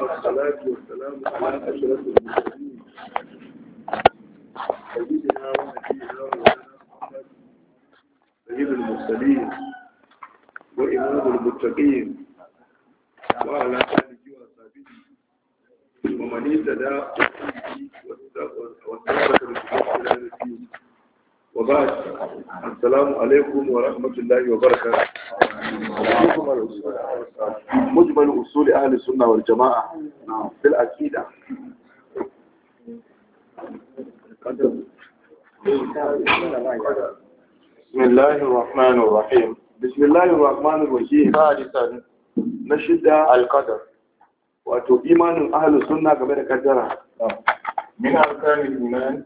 والصلاة والسلام على أشرف المرسلين سيدنا ونبينا ومولانا محمد سيد المرسلين وإمام المتقين وعلى آله وصحبه ومن اهتدى واستغفر الله وبعد السلام عليكم ورحمة الله وبركاته مجمل أصول أهل السنة والجماعة في الأكيدة بسم الله الرحمن الرحيم بسم الله الرحمن الرحيم ثالثا نشد القدر wato imanin ahalus sunna game da kaddara min arkanil iman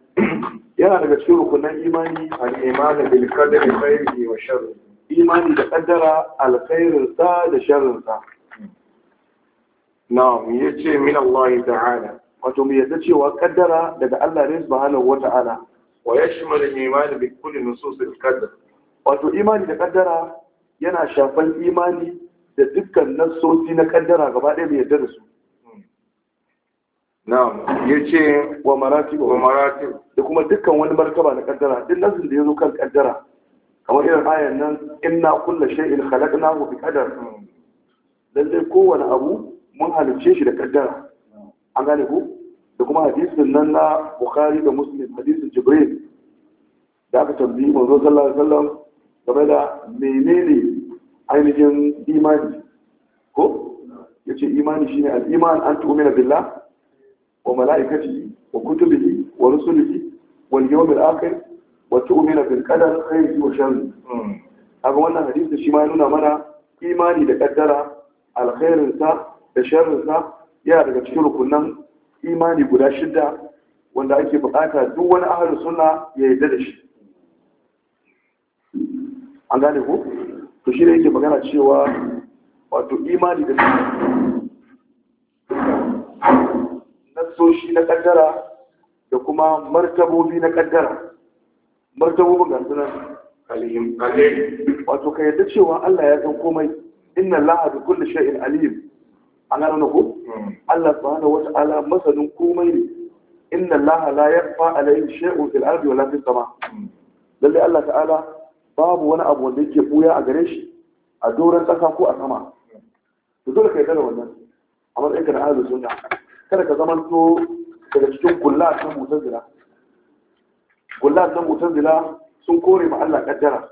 yana daga cikin rukunan imani al iman bil qadari khairihi wa sharrihi imani da kaddara alkhairinsa da sharrinsa na'am yace min Allah ta'ala wato mu yadda cewa kaddara daga Allah ne subhanahu wata'ala wa yashmal al-iman bi kulli nusus al-qadar wato imani da kaddara yana shafan imani da dukkan nasosi na kaddara gaba ɗaya mu yadda da su na'am yace wa maratib wa maratib da kuma dukkan wani martaba na kaddara duk nasin da yazo kan kaddara kamar irin ayan nan inna kullu shay'in khalaqnahu bi qadar lalle kowane abu mun halarci shi da kaddara an gane ku da kuma hadisin nan na bukhari da muslim hadisin jibril da aka tambayi manzo sallallahu alaihi wasallam game da menene ainihin imani ko yace imani shine al-iman an tu'mina billah wa mala'ikatihi wa kutubihi wa rusulihi wal yawmil akhir wa tu'minu kada qadar khairihi wa sharri hmm. kaga wannan hadisi shi ma ya nuna mana imani da kaddara alkhairinsa da sharrinsa yana daga cikin rukunan imani guda shida wanda ake bukata duk wani ahalin suna ya yi da shi an gane ku? to shi ne yake magana cewa wato imani da shi. nasoshi na kaddara da kuma martabobi na kaddara martabobin gansunan alihim wato ka yadda cewa Allah ya san komai inna laha bi kulli shay'in alim an gano ko hmm. Allah subhanahu wa ta'ala masanin komai ne inna Allah la yakhfa alayhi shay'un fil ardi wala fis sama hmm. lalle Allah ta'ala babu wani abu wanda yake buya a gare shi a doron ƙasa ko a sama to dole ka yarda da wannan a matsayin ka na ahlus sunna kada ka zamanto daga cikin kullu a cikin mutazila gullan nan zila sun kore ma Allah kaddara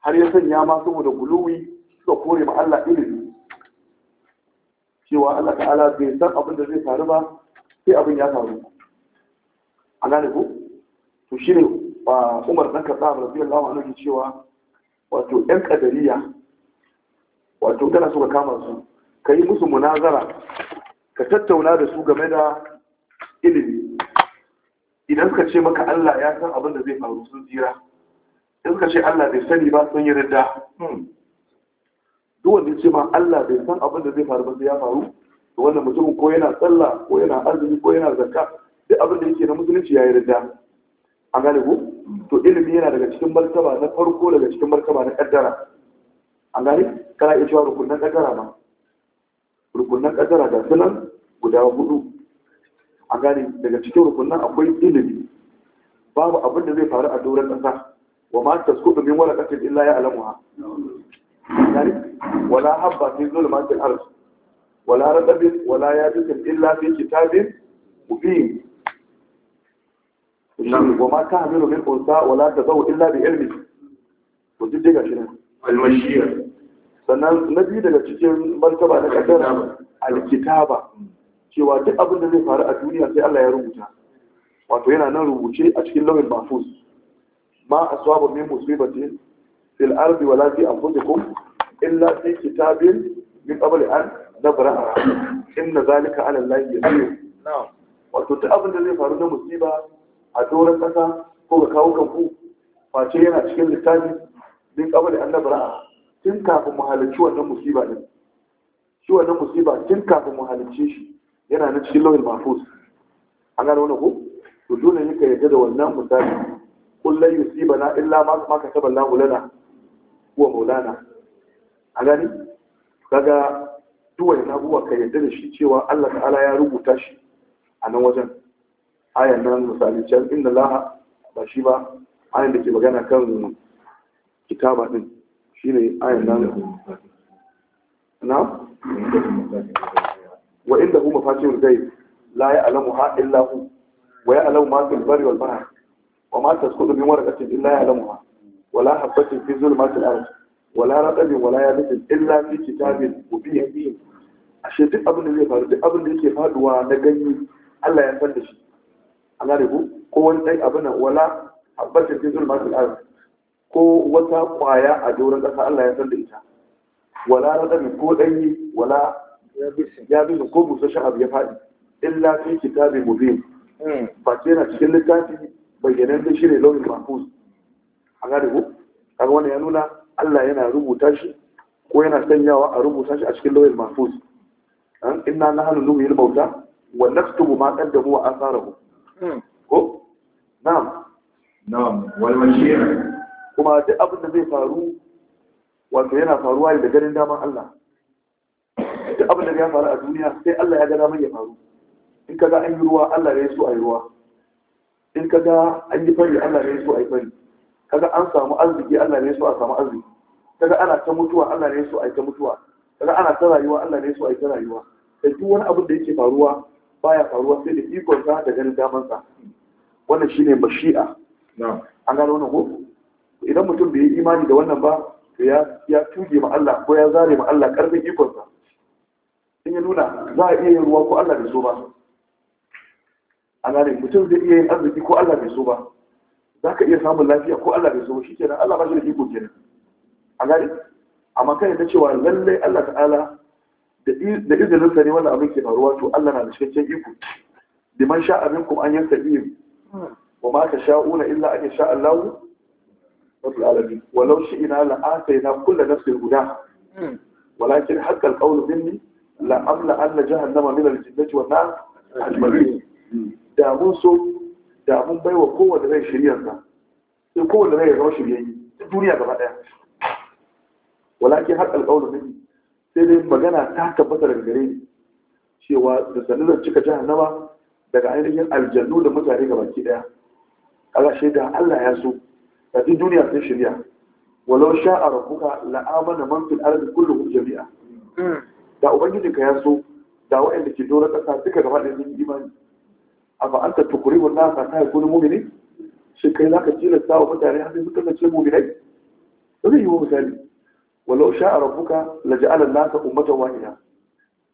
har ya sanya ma saboda guluwi suka kore ma Allah ilimi cewa Allah ta'ala bai san abin da zai faru ba sai abin ya faru a gane ku to shi ne ba umar ɗan kasa a zai lawa nufin cewa wato ‘yan ƙadariya wato tana suka kama su ka yi musu munazara ka tattauna da su game da ilimi idan suka ce maka Allah ya san abin da zai faru sun tsira idan suka ce Allah bai sani ba sun yi ridda hmm. duk wanda ya ce ma Allah bai san abin da zai faru ba sai ya faru to wannan mutumin ko yana sallah ko yana azumi ko yana zakka duk abin da yake na musulunci ya yi ridda A gane ko to ilimi yana daga cikin martaba na farko daga cikin martaba na kaddara a gane kana iya cewa rukunan kaddara ma rukunan kaddara ga sunan guda hudu a gane daga cikin rukunan akwai ilimi babu abin da zai faru a doron ƙasa wa ma ta skuɗa min wala ƙasar illa ya alamu ha? wala habba fi zulmatil ard wala radabin wala yabisin illa fi kitabin ubi wa ma ta hamilu min unsa wala ta zau illa bi ilmi to ga shi ne almashiyar sannan na biyu daga cikin martaba na ƙasar alkitaba cewa duk abin da zai faru a duniya sai Allah ya rubuta wato yana nan rubuce a cikin lauyin mahfuz ma aswaba min musibatin fil ardi wala fi anfusikum illa fi kitabin min qabl an nabra inna zalika ala allahi yasir na'am wato duk abin da zai faru na musiba a doron kasa ko ga kawo kanku face yana cikin littafi min qabl an nabra tun kafin mu halicci wannan musiba din shi wannan musiba tun kafin mu halicce shi yana na cikin lauhin mafus an gano wani ko to dole ne ka yarda da wannan misali kullum Bala illa ma ka saba Allah lana huwa maulana a gani kaga duwai na abuwa ka yarda da shi cewa Allah ta'ala ya rubuta shi a nan wajen ayan nan misali can inna laha ba shi ba ayan da ke magana kan kitaba din shine ayan nan na wa inda hu mafatihul ghaib la ya'lamuha illa hu wa ya'lamu ma fil barri wal bahr wa ma tasqutu min waraqatin illa ya'lamuha wa la habatin fi zulmatil ard wa la ratabin wa la yabisin illa fi kitabin mubin ashe duk abin da zai faru duk abin da yake faduwa na ganye Allah ya san da shi ko wani dai wala ko wata kwaya a doron ƙasa Allah ya san da ita wala ratabin ko danyi wala ya bi ko musa sha'ab ya faɗi illa fi kitabin mubin hmm. ba ce yana cikin littafi bayyanan da shi ne launin mahfuz a gane ko kaga wannan ya nuna Allah yana rubuta shi ko yana sanyawa a rubuta shi a cikin launin mahfuz inna nahnu nuhyil mauta wa naktubu ma qaddamu wa atharahu hmm. ko na'am na'am wal mashiyah kuma duk abin da zai faru wato yana faruwa da ganin daman Allah abin da ya faru a duniya sai Allah ya ga damar ya faru in ka ga an yi ruwa Allah ne so a yi ruwa in ka ga an yi fari Allah ne so a yi fari kaga an samu arziki Allah ne so a samu arziki kaga ana ta mutuwa Allah ne so a yi ta mutuwa kaga ana ta rayuwa Allah ne so a yi ta rayuwa sai duk wani abin da yake faruwa baya faruwa sai da ikon sa da ganin daman sa wannan shine mashi'a na'am an gano wannan ko idan mutum bai yi imani da wannan ba to ya ya tuge ma Allah ko ya zare ma Allah karfin ikon sa ya nuna za a iya yin ruwa ko Allah bai so ba a gane mutum zai iya yin arziki ko Allah bai so ba za ka iya samun lafiya ko Allah bai so ba shi kenan Allah ba shi da iko kenan a gane amma kan yadda cewa lallai Allah ta'ala da izinin sa ne wannan abin ke faruwa to Allah na da cikakken iko liman sha abin kuma an yanka iya wa ma ka sha'una illa an sha Allah rabbul alamin walau shi ina la atayna kullu nafsin huda hmm. walakin haqqal qawlu minni la'amla an na jahannama na aljinnati wa nas ajma'in da so da mun bai wa kowanne rai shiriyar sa sai kowanne rai ya zama shiryayi, duk duniya gaba daya walakin har alƙawarin nufi sai dai magana ta tabbata daga gare cewa da sanadar cika nama, daga ainihin aljannu da mutane gaba ke daya ga shaida Allah ya so da duk duniya sai shirya walau sha'a rabbuka la'amana man fil ardi kulluhum jami'a hmm. da ubangijinka ya so da waɗanda ke dora ƙasa duka gaba da sun imani a an ta tukuri wa nasa ta yi kuni mumini shi kai za ka tilasta wa mutane har sai kasance muminai ba zai yi wa misali walau sha a rabuka la ja'alan nasa ummatan wahida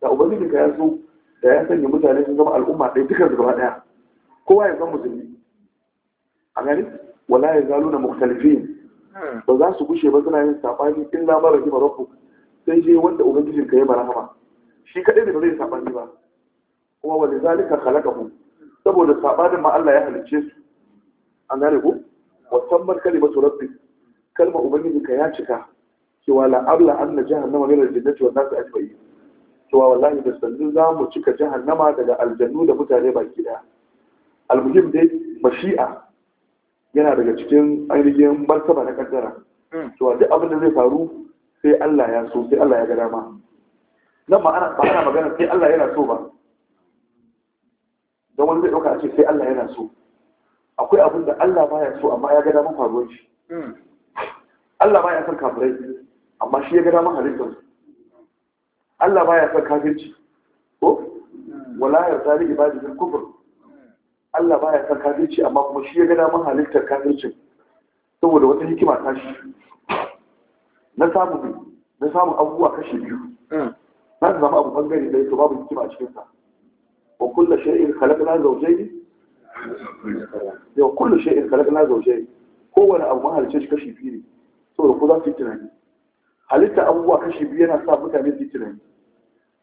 da ubangijinka ya so da ya sanya mutane sun zama al'umma ɗaya duka gaba ɗaya kowa ya san musulmi a gani wala ya na mukhtalifin hmm. ba za su gushe ba suna yin safari illa ma rahima rabu. sai je wanda ubangijin ka ya rahama shi kadai ne ba zai sabani ba kuma wa zalika khalaqahum saboda sabanin ma Allah ya halicce su an gane ko wa tammat kalimatu rabbi kalma ubangijin ka ya cika cewa la abla an jahannama min al-jannati wan nas ajma'in cewa wallahi da sanin za mu cika jahannama daga aljannu da mutane baki daya almuhim dai mashi'a yana daga cikin ainihin martaba na kaddara hmm. cewa duk abin da zai faru sai Allah ya so sai Allah ya ga dama nan ba ana magana sai Allah yana so ba don wani zai ɗauka a ce sai Allah yana so akwai abin da Allah ba ya so amma ya ga daman faruwar shi hmm. Allah ba ya son kafirai amma shi ya ga daman halittar su Allah ba ya son kafirci ko hmm. wala ya tsari ibadi bil kufr Allah ba ya son kafirci amma kuma shi ya ga daman halittar kafircin saboda wata hikima ta shi na samu na samu abubuwa kashi biyu hmm. na zama abu bangare da to babu hikima a cikinsa wa kullu shay'in khalaqna ne yau kullu shay'in khalaqna ne kowane abu mun halice shi kashi biyu ne saboda ko za su yi tunani halitta abubuwa kashi biyu yana sa mutane su yi tunani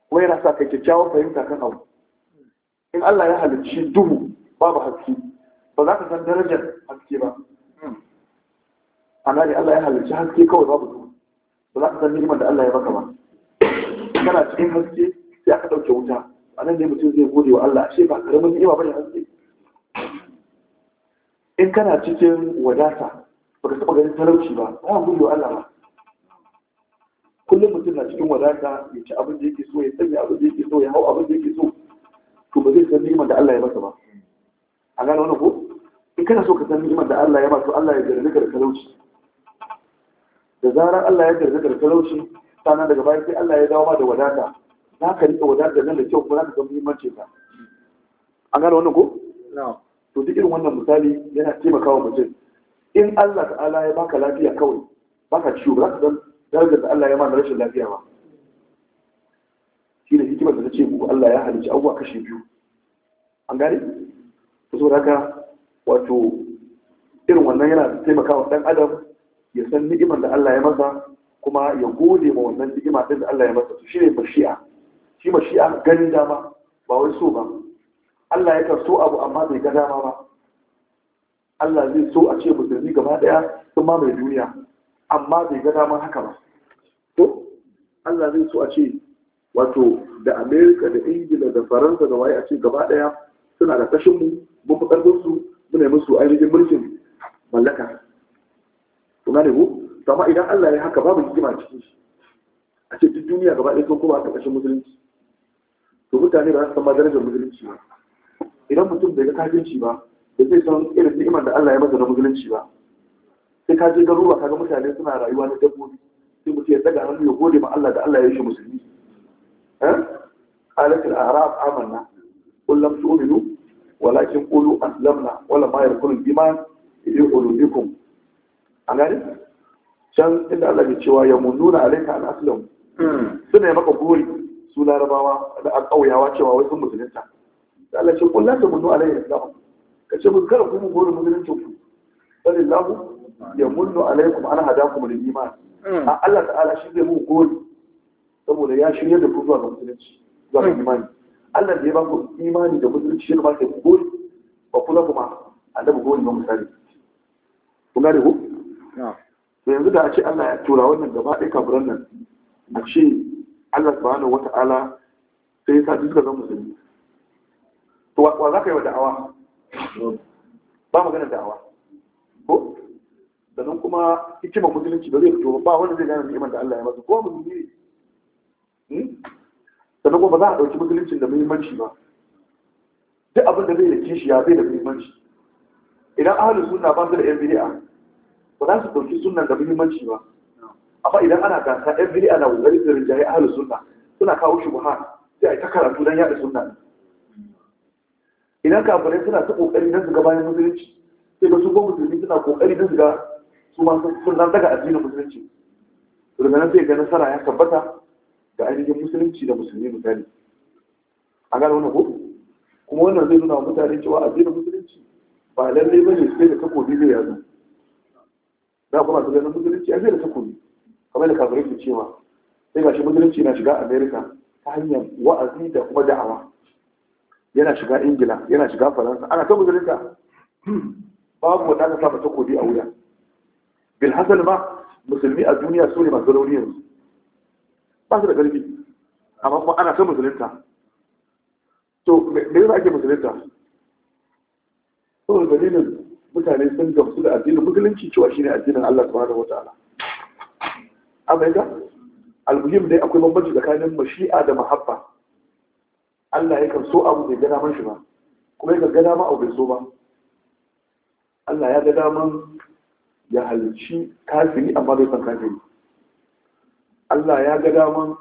kuma yana sa kai kyakkyawar fahimta kan abu in Allah ya halicci duhu babu haske ba za ka san darajar haske ba hmm. ana ne Allah ya halicci haske kawai babu duhu ba za ka san nimar da Allah ya baka ba kana cikin haske sai aka ɗauke wuta a nan ne mutum zai gode wa Allah ashe ba karamin ni'ima bane haske in kana cikin wadata baka taɓa ganin talauci ba ba ka gode wa Allah ba kullum mutum na cikin wadata ya ci abin da yake so ya sanya abin da yake so ya hau abin da yake so to ba zai san nimar da Allah ya baka ba a gane wani ko in kana so ka san nimar da Allah ya baka to Allah ya jarrabe ka da talauci da zarar Allah ya karɓi da talauci sannan daga baya sai Allah ya dawo ma da wadata za ka riƙe wadata nan da kyau kuma za ka san muhimmanci ka an gane wannan ko to duk irin wannan misali yana taimakawa mutum in Allah ta'ala ya baka lafiya kawai baka ciwo ba za ka san darajar da Allah ya ma da rashin lafiya ba shi ne hikimar da ta ce muku Allah ya halicci abubuwa kashe biyu an gane to saboda haka wato irin wannan yana taimakawa dan adam ya san ni'imar da Allah ya masa kuma ya gode ma wannan ni'ima din da Allah ya masa Shi ne mashi'a shi mashi'a ganin dama ba wai so ba Allah ya so abu amma bai ga dama ba Allah zai so a ce musulmi gaba daya sun ma mai duniya amma bai ga dama haka ba to Allah zai so a ce wato da Amerika da Ingila da Faransa da waye a ce gaba daya suna da kashin mu mun fi karfin su muna musu ainihin mulkin mallaka kun ku to amma idan Allah ya haka babu hikima cikin shi a ce duk duniya gaba ɗaya kuma a ƙarƙashin musulunci to mutane ba za su san ma darajar musulunci ba idan mutum bai ga kafirci ba da zai san irin ni'imar da Allah ya masa na musulunci ba sai ka je garuruwa ka ga mutane suna rayuwa na dabbobi sai mutum ya daga hannu ya gode ma Allah da Allah ya yi shi musulmi قالت الأعراب آمنا قل لم تؤمنوا ولكن قولوا أسلمنا ولما يكون الإيمان في قلوبكم an gani can inda Allah ke cewa ya mun mununa alaika an aslam hmm. suna yi maka buri su larabawa da a ƙauyawa cewa wai sun musulunta da Allah ce kullum ta munu alaika islam ka ce mu kada ku mu buri musuluncin ku sallallahu ya mun munnu alaikum an hadakum lil iman hmm. a Allah ta'ala shi zai mun gori saboda ya shirya da ku zuwa ga musulunci zuwa ga hmm. imani Allah da ya ba ku imani da musulunci shi ne ba sai ku gori ba kula kuma annabi gori ba misali kun gane ku yanzu da a ce Allah ya tura wannan gaba ɗaya kaburan nan a ce Allah subhanahu wata'ala sai ya sa duka zan musulmi to wa za ka yi wa da'awa ba magana da'awa ko sannan kuma hikimar musulunci ba zai fito ba wanda zai gane ni'imar da Allah ya masa ko musulmi ne hmm? sannan kuma ba za a ɗauki musuluncin da muhimmanci ba duk abin da zai da kishiya zai da muhimmanci idan ahalin suna ba su da yan bid'a ba za su ɗauki sunan da muhimmanci ba amma idan ana gasa 'yan biri ana wuzari da rinjaye a halin sunna suna kawo shi buha sai a yi ta karatu don yaɗa sunna idan kafirai suna ta ƙoƙari don su ga bayan musulunci sai ga su ko musulmi suna ƙoƙari don su ga su masu sun daga addinin musulunci rumenan sai ga nasara ya tabbata ga ainihin musulunci da musulmi misali a gane wannan ko kuma wannan zai nuna wa mutane cewa addinin musulunci ba lallai bane sai da takobi zai yazo za ku su ganin musulunci a zai da takobi kamar da kafirai su cewa sai ga shi musulunci na shiga amerika ta hanyar wa'azi da kuma da'awa yana shiga ingila yana shiga faransa ana ta musulunta babu wanda ta samu takobi a wuya bil hasal ma musulmi a duniya su ne masu rauni ba su da ƙarfi amma kuma ana ta musulunta to me yasa ake musulunta saboda dalilin mutane sun gamsu da addinin musulunci cewa shi ne addinin Allah subhanahu wataala amma ga almuhim dai akwai bambanci tsakanin mashi'a da mahabba Allah ya kan so abu bai ga man shi ba kuma yakan ga dama abu bai so ba Allah ya ga man ya halicci kafiri amma bai san kafiri Allah ya ga man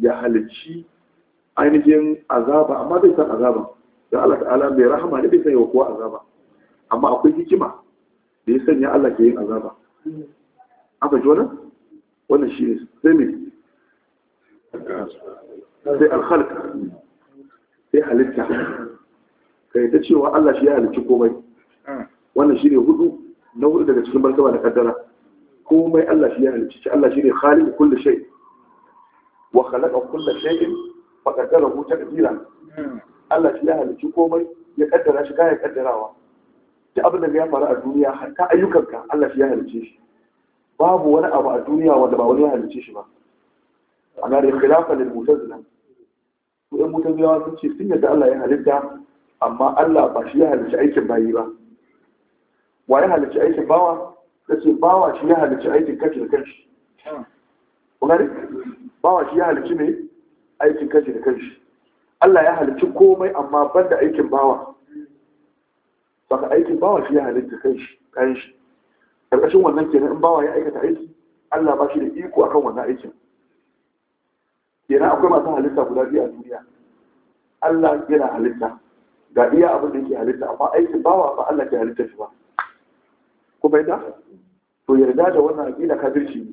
ya halicci ainihin azaba amma bai san azaba dan Allah ta'ala bai rahama ne bai san yawa kuwa azaba amma akwai hikima da ya sanya Allah ke yin azaba an fahimci wannan wannan shi ne sai me sai alhalka sai halitta ka ta cewa Allah shi ya halicci komai wannan shi ne hudu na hudu daga cikin barkawa da kaddara komai Allah shi ya halicci shi Allah shi ne halin kulle sha'i. wa kulle shai ba kaddara hutar taqdira hmm. Allah shi ya halicci komai ya kaddara shi kayan kaddarawa duk abin da ya faru a duniya ta ayyukanka Allah shi ya halice shi babu wani abu a duniya wanda ba wani ya halice shi ba a gare khilafa lil mutazila ko ɗan mutazilawa sun ce sun yadda Allah ya halitta amma Allah ba shi ya halice aikin bayi ba wa ya halice aikin bawa ka ce bawa shi ya halice aikin kashi da kashi. ku bawa shi ya halice ne aikin kashi da kashi. Allah ya halice komai amma banda aikin bawa baka aikin bawa shi ya halitta kai shi kayan shi karkashin wannan kenan in bawa ya aikata aiki Allah ba shi da iko akan wannan aikin kenan akwai masu halitta guda biyu a duniya Allah yana halitta ga iya abin da yake halitta amma aikin bawa ba Allah ke halitta shi ba ko bai da to yarda da wannan aqida kafirci ne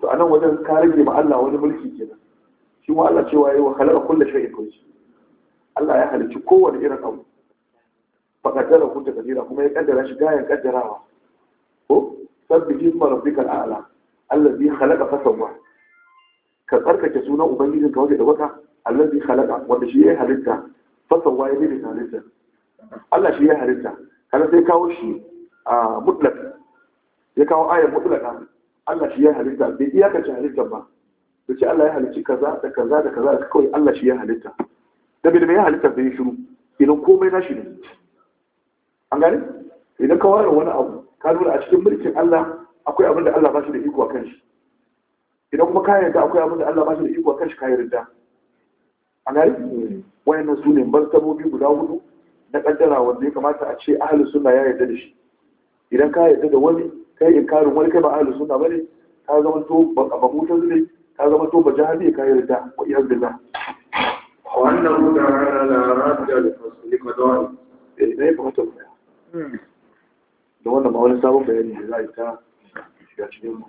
to anan wajen ka rage ma Allah wani mulki kenan shi ma Allah cewa yayi wa kulle kullu shay'in Allah ya halicci kowane irin abu faƙaddara kunta kabira kuma ya kaddara shi gayan kaddarawa ko sabbi jisma rabbika Allah allazi khalaqa fasawwa ka tsarkake sunan ubangijin ka wajen da wata Allah allazi khalaqa wanda shi ya yi halitta fasawwa ya bi halitta Allah shi ya yi halitta kana sai kawo shi a mutlaq ya kawo ayar mutlaqa Allah shi ya yi halitta bai iyakace halitta ba ce Allah ya halicci kaza da kaza da kaza da kawai Allah shi ya halitta da bai da ya halitta sai shiru idan komai na shi ne an gani idan ka ware wani abu ka nuna a cikin mulkin Allah akwai abin da Allah ba shi da iko a kan shi idan kuma ka yarda akwai abin da Allah ba shi da iko a kan shi ka yarda an gani wayannan su ne martabobi guda hudu na kaddara wanda ya kamata a ce ahli sunna ya yarda da shi idan ka yarda da wani kai inkarin wani kai ba ahli sunna bane ka zama to ba mutan ne ka zama to ba jahabi ka yarda wa iyaz billah wannan mutara na ranar da fasli kadawai eh ne ba mutum da wannan ma wani sabon bayani da za a yi ta shiga cikin mu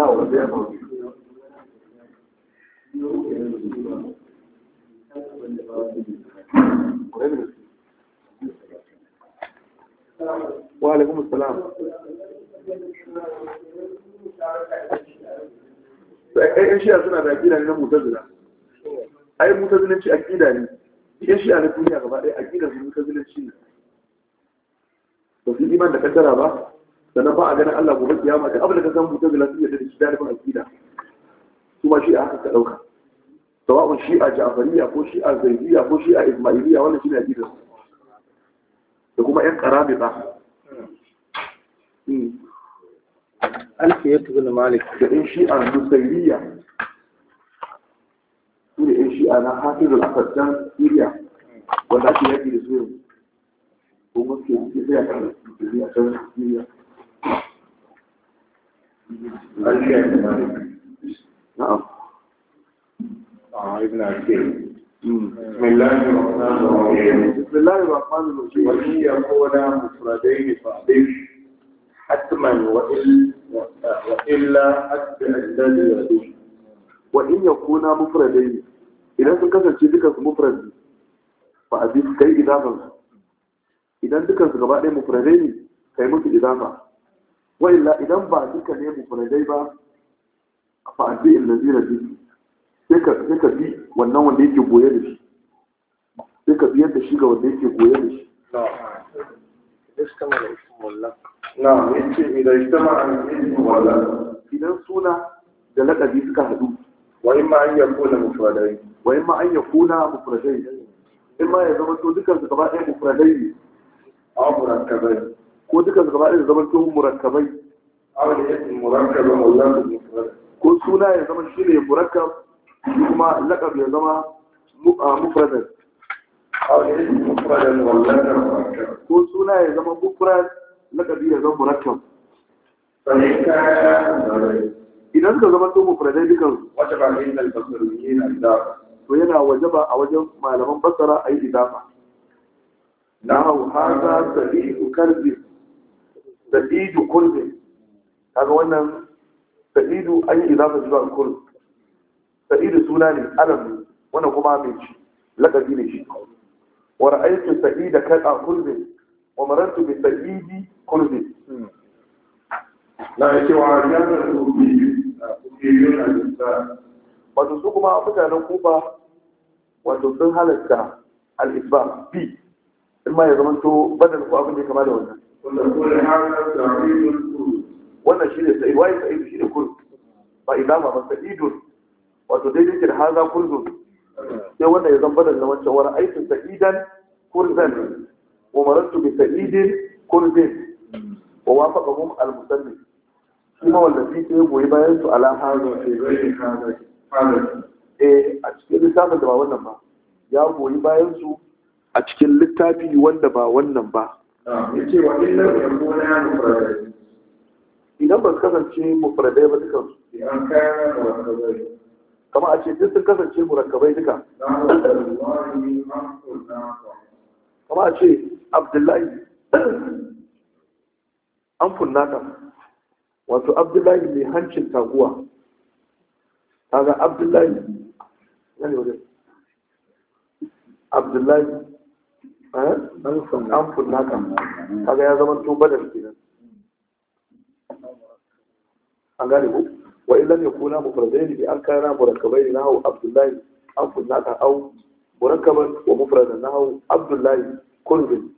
wani abu da ya faru وعليكم السلام ƴan shi'a suna da aƙida ne na mutazila ai mutazilanci aƙida ne ƴan shi'a na duniya gaba ɗaya aƙida su mutazilanci ne ba su iman da kaddara ba sannan ba a ganin Allah gobe kiyama da abin da ka san mutazila sun yadda da shi dalibin aƙida su ma shi a haka ka ɗauka sawa'un shi a ja'fariya ko shi a zaidiya ko shi a ismailiya wannan shi ne aƙidar da kuma ƴan karamita hmm. alfiyatu bin malik da yan shi'a musairiya su da yan shi'a na hafizul asaddan siriya wanda ake yaki da su ko mafi yanki sai a kan siriya kan siriya alfiyatu malik na'am ابن عسير بسم الله الرحمن الرحيم بسم الله الرحمن الرحيم وهي قولا مفردين فاحذف حتما وإلا حتى الذي يدوم وإن يكون مفردين إذا سنكسر شيء ذكر مفرد فأضيف كي إضافة إذا ذكر غباء مفردين كي مت إضافة وإلا إذا بعد ذكر مفردين فأضيف الذي يدوم sai ka bi wannan wanda yake goye da shi sai ka biyar da shi ga wanda yake goye da shi Na'am, yace idan ijtama al-ism wal idan suna da laƙabi suka hadu wa imma an yakuna mufradai wa ma an yakuna mufradai imma ya zama to dukkan su gaba ɗaya mufradai ne aw murakkabai ko dukkan su gaba ɗaya zama to murakkabai aw al-ism murakkabun wal laqab mufrad ko suna ya zama shi shine murakkab kuma laqab ya zama mufradai aw al-ism mufradan wal laqab ko suna ya zama mufrad lakabi ya zan murattab idan ka zama tumu furadai dukan wata ba yin albasaruyi na idafa to yana waje ba a wajen malaman basara a yi idafa na hau haza sa'idu karbi sa'idu kurbi kaga wannan sa'idu an yi idafa zuwa kurbi sa'idu suna ne alam wannan kuma mai ci lakabi ne shi wa ra'aytu sa'ida kada kurbi ومررت بسيدي قلبي لا يكي وعجانا الأوبيين الإسلام wato su kuma mutanen kuba wato sun halatta al'isba b in ma ya zamanto badal ko abin da ya kama da wannan wannan shi ne sa'id waye sa'id shi ne kurd ba idama ba sa'idun wato dai ke da haza kurdun sai wannan ya zan badal na wancan wani aikin sa'idan kurdan umarantu bi sa'idin kurbin wa wafaqahum al-musannif shi ma wallafi sai goyi bayan su ala hazo eh a cikin littafin da ba wannan ba ya goyi bayan su a cikin littafi wanda ba wannan ba yace wa illa yakuna mufradai idan ba su kasance mufradai ba dukan su an kana mufradai kama a ce duk sun kasance murakkabai duka kama a ce abdullahi an funnata wato abdullahi mai hancin taguwa kaga abdullahi abdullahi eh? an funnata kaga ya zama to badar kenan an gane ku wa illan ya mu farzai ne bi an kana na nahu abdullahi an funnata au murakkaban wa mufradan nahu abdullahi kullum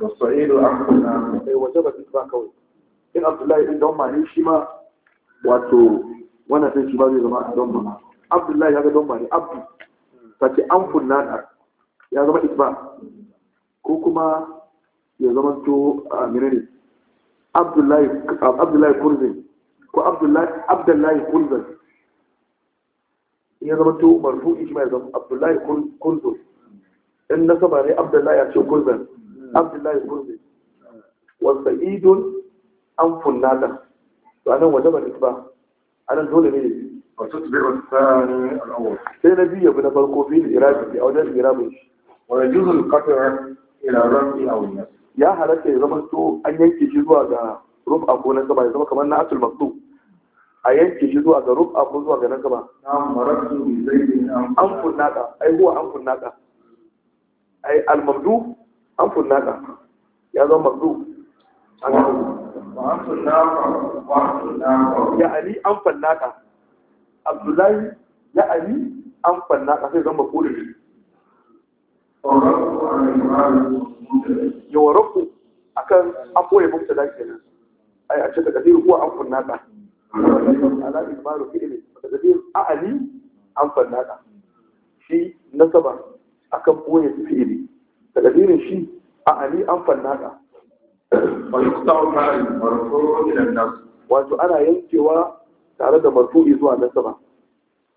da sa'idu amfana sai waje ba ba kawai in abdullahi din don mani shi ma wato wannan sai shi ba zai zama a don mani abdullahi ya ga don mani abdu ta ce da ya zama isba ko kuma ya zama to a menene abdullahi kurzin ko abdullahi kurzin ya zama to marfu shi ma ya zama abdullahi kurzin in nasaba ne abdullahi ya ce gurbin abdullahi gurbin wasa idun an funnata to anan waje ba ne ba anan dole ne sai na biyu yabi na farko fi irabi a wajen irabin shi wani juzul kafin iraran fi awon ya halatta ya zama to an yanke shi zuwa ga rufa ko na gaba ya zama kamar na asul maktu a yanke shi zuwa ga rufa ko zuwa ga na gaba an funnata ai aihuwa an funnata ai al-mamdu an funnaka ya zama mamdu an ya ali an fannaka abdullahi ya ali an fannaka sai zama kuri yawan rafu akan an boye mafita da kenan ai a ce ta kadiru ruwa an funnaka ala ikmalu fi'li ta kadiru a ali an fannaka shi nasaba akan ɓoye su fi'ili da ƙadirin shi a ali an fannaka wato ana yankewa tare da marfu'i zuwa nasaba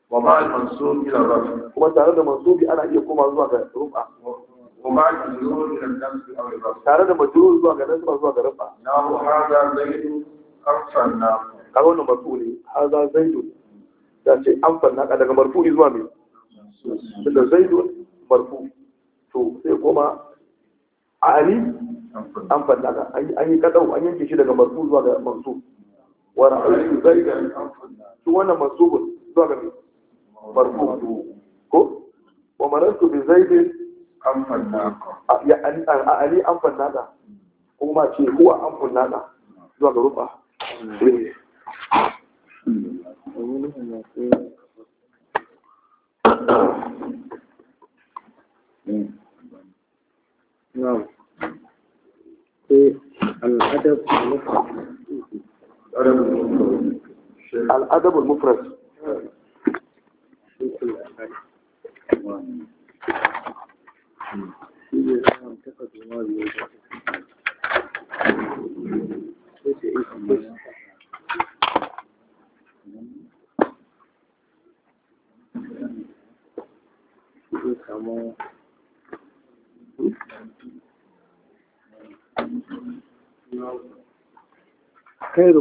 wa ma al-mansub ila rafi kuma tare da mansubi ana iya koma zuwa ga rufa wa ma al-majrur ila nasb aw rafi tare da majrur zuwa ga nasaba zuwa ga rufa na hada zaidun arsalna kaga wannan marfu'i hada zaidun da ce an daga marfu'i zuwa me da zaidun farko to sai koma a ali an ka an yi kadau an yanke shi daga marfu zuwa ga mansu wa zai zalika shi wannan mansubun zuwa ga marfu ko wa marastu bi zaidin an fallaka ya a ali an fallaka kuma ce huwa an ka zuwa ga rufa Thank you. نعم في الأدب المفرد الأدب المفرد Thank you. خير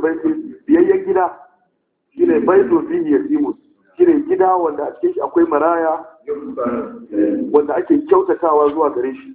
بيت biyayyen gida shine baitun fihi yatimun shine gida wanda a shi akwai maraya wanda ake kyautatawa zuwa gare shi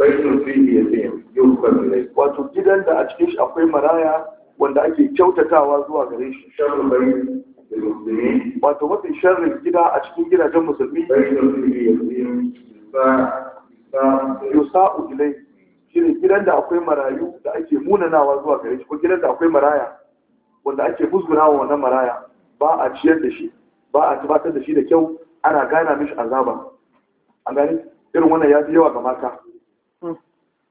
baitun fihi yatim yuhbar ilay wato gidan da a cikin shi akwai maraya wanda ake kyautatawa zuwa gare shi sharru baitun wato mafi sharrin gida a cikin gidajen musulmi yusa'u ilai shi ne gidan da akwai marayu da ake munanawa zuwa gare shi ko gidan da akwai maraya wanda ake musgunawa wannan maraya ba a ciyar da shi ba a tabbatar da shi da kyau ana gana mishi azaba a gani irin wannan ya fi yawa ga mata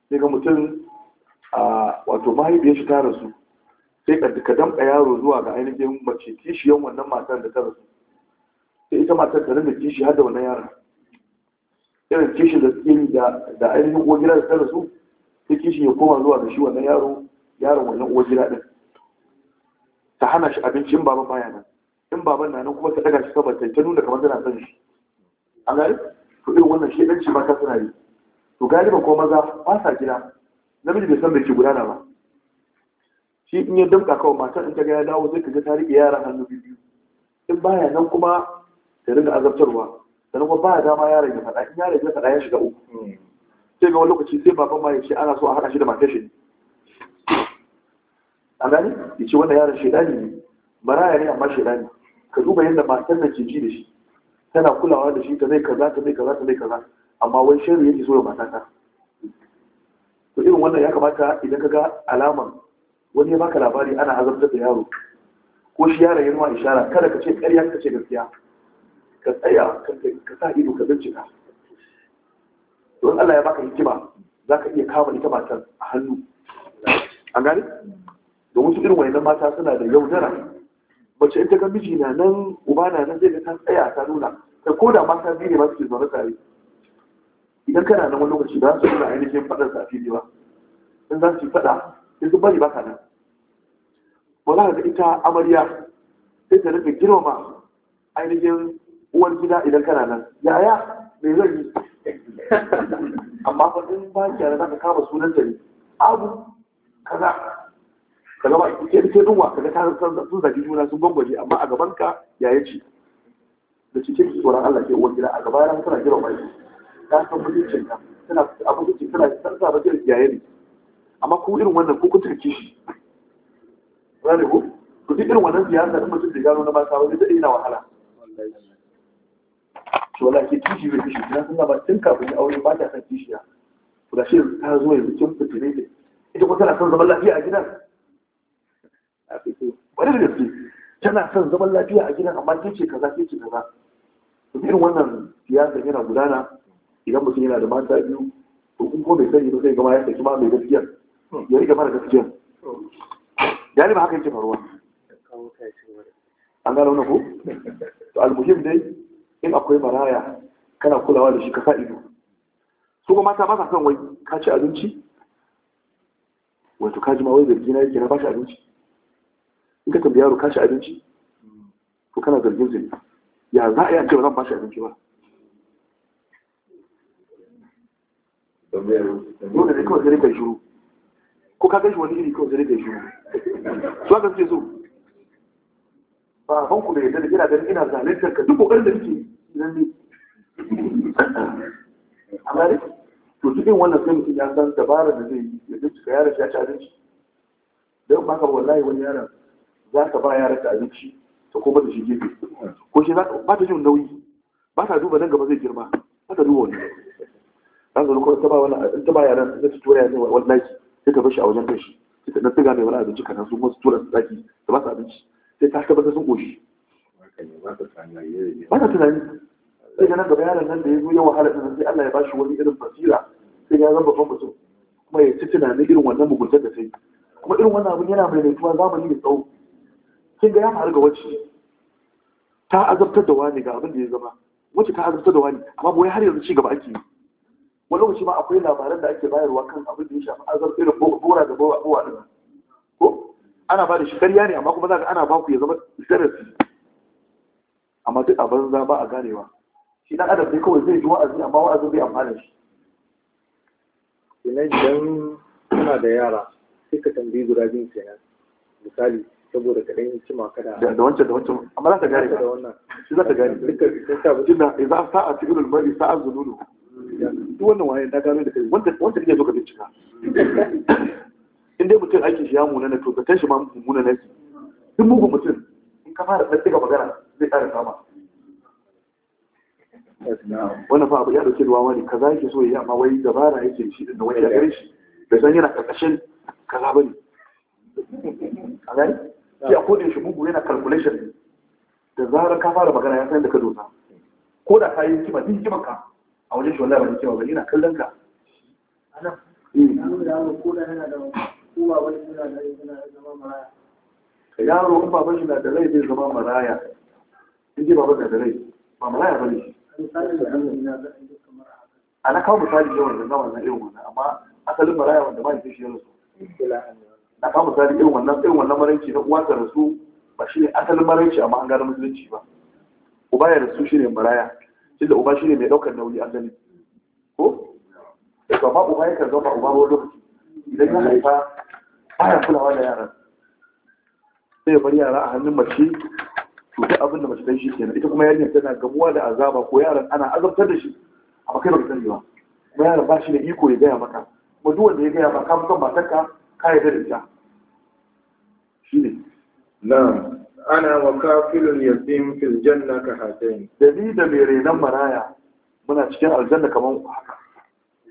sai ga mutum a wato mahaifiyar ta rasu sai ka damka yaro zuwa ga ainihin mace kishiyan wannan matar da ta rasu sai ita matar ta rinda kishi har da wannan yaron irin kishin da tsiri da ainihin uwar gida da ta rasu sai kishi ya koma zuwa da shi wannan yaro yaron wannan uwar gida din ta hana shi abinci in baban baya nan in baban na nan kuma ta daga shi saboda ta nuna kamar tana son shi an gari to irin wannan shedanci mata suna yi to galiba ko maza ba sa gida namiji bai san da ke gudana ba shi in ya damka kawai matan in ta ga ya dawo zai ka ga ta riƙe yaran hannu biyu in baya nan kuma ta ringa azabtarwa sannan kuma baya dama yaran ya faɗa in yaran ya faɗa ya shiga uku hmm. sai ga wani lokaci sai baban ma ya ce ana so a haɗa shi da matan shi A gani ya ce wannan yaran shaidani ne maraya ne amma shaidani ka duba yadda matan nan ke ji da shi tana kulawa da shi ta zai kaza ta zai kaza ta zai kaza amma wani shirin yake so ya matata to irin wannan ya kamata idan ka ga alaman wani ya baka labari ana azabtar da yaro ko shi yaron ya nuna ishara kada ka ce ƙarya ka ce gaskiya ka tsaya ka sa ido ka bincika don Allah ya baka hikima za ka iya kama ita matar a hannu an gane Da wasu irin wayannan mata suna da yaudara mace in ta ga miji na nan uba na nan zai ga ta tsaya ta nuna ta koda mata biyu ne ma suke zaune tare idan kana nan wani lokaci ba su nuna ainihin fadar sa ne fili ba in za su yi faɗa in sun bari ba ka nan ba za ka ga ita amarya sai ta rika girmama ainihin uwar gida idan kana nan yaya mai zan yi amma ba in ba ki yana za ka kama sunan ta ne abu kaza ka gaba ke ke dunwa ka ga ta san sun zaki juna sun gwangwaje amma a gaban ka yaya ce da cikin tsoron Allah ke uwar gida a gaba yana kana girmama ba ka san mutuncin ka tana a mutuncin tana san sa ba zai yaye ne amma ku irin wannan ku kun turke shi wani ku ku duk irin wannan siyasa din mutum da gano na mata wani zai yana wahala to wala ke kishi bai kishi kina san ba tun kafin aure ba ta san kishiya to da shi ta zo yanzu kin fitine ne ita kuma tana son zaman lafiya a gidan wani da gaske tana son zaman lafiya a gidan amma ke ce kaza ke ce kaza irin wannan siyasa yana gudana idan mutum yana da mata biyu hukun ko bai sani ba sai gama ya saki ma mai gaskiya hmm. ya rike mara gaskiya galiba haka yake faruwa an gano na ko to almuhim dai in akwai maraya kana kulawa da shi ka sa ido su kuma mata ba sa son wai ka ci abinci wato ka ji ma wai zargi na yake na bashi abinci in ka tambaya yaro ka ci abinci hmm. to kana zargin zai ya za a yi a cewa zan bashi abinci ba dole ne kawai zai kai shiru ko ka gashi wani iri kawai zai kai shiru su haka suke so ba ban ku da yadda da ina ganin ina zalintar ka duk kokarin da nake nan ne amma dai to cikin wannan sai mutum ya san dabara da zai yi ya bincika shi ya ci abinci don ba ka wallahi wani yaron za ka ba yaron ka abinci ta koma da shi gefe ko shi za ka ba ta jin nauyi ba ta duba nan gaba zai girma ba ta duba wani an zuru ko ta ba wani in ta ba yaran sai ta tura yaran wani daki sai ta bashi a wajen kai shi sai ta daddaga mai wani abinci kana su kuma su tura su daki ta ba su abinci sai ta tabbatar sun koshi ba ta tunani sai nan gaba yaran nan da ya zo ya wahala din sai Allah ya bashi wani irin basira sai ya zama babban mutum kuma ya ci tunanin irin wannan muguntar da ta yi kuma irin wannan abin yana mai laifuwa zamani da tsawo kin ga ya faru ga wacce ta azabtar da wani ga abin da ya zama wacce ta azabtar da wani amma bai har yanzu ci gaba ake yi wani lokaci ma akwai labaran da ake bayarwa kan abin da ya shafi azar irin bora da bora a din ko ana ba da shi ne amma kuma za ka ana ba ku ya zama darasi amma duk a banza ba a ganewa shi dan adam ne kawai zai ji wa'azi amma wa'azin bai amfana shi kenan idan kuna da yara sai ka tambayi guda biyu kenan misali saboda ka ɗan ci maka da da wancan da wancan amma za ka gane wannan shi za ka gane duka sai ka bi da sa'a sa'a zululu duk wannan wayan, na gano da kai wanda wanda kake so ka bincika in dai mutum aikin shi ya muna na to ka tashi ma muna na shi duk mugun mutum in ka fara tsaka magana zai tsara sama. wannan fa abu ya dauke ruwa wani kaza yake so yi amma wai dabara yake shi da wani da gare shi bai san yana karkashin kaza bane a gani shi a kodin shi mugu yana calculation da zarar ka fara magana ya san da ka dosa ko da ka yi kima din kiman ka a wajen shi wallahi ba da cewa ba ina kallon ka hmm. yaro in baban shi na da rai zai zama maraya in ji baban da da rai ba maraya ba ne a na kawo misali yawan da zama na irin wannan amma asalin maraya wanda ba shi ya rasu na kawo misali irin wannan irin wannan maranci na uwa ta rasu ba shi ne asalin maranci amma an gano musulunci ba uba ya rasu shi ne maraya tunda uba shi ne mai ɗaukar nauyi an gani ko da kama uba ya kan zama uba wani lokaci idan ya haifa baya kulawa da yaran sai ya bar yara a hannun mace to duk abin da mace dan shi kenan ita kuma yarinya tana gamuwa da azaba ko yaran ana azabtar da shi amma kai baka sani ba kuma yaran ba shi da iko ya gaya maka kuma duk wanda ya gaya maka ka son matarka ka yarda da ita shine na'am ana wa kafilul yatim fil janna ka da ni da mai renon maraya muna cikin aljanna kamar haka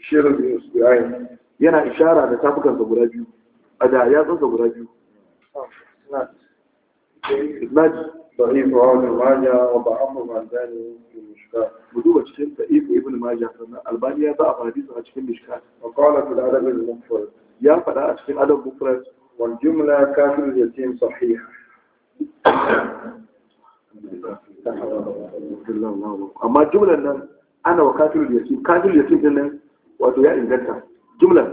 shirin yusuf yana ishara da tafukansa guda biyu a da yatsunsa guda biyu Isnad ضعيف Mu duba cikin الألباني في المشكاة مدوبة شيخ ضعيف ابن ماجا a cikin حديثها في المشكاة وقال في الأدب المفرد يا فلا أشكل أدب مفرد والجملة كافر اليتيم صحيحة amma jumlan nan ana wa kafirul yatim kafirul din nan wato ya inganta jumlan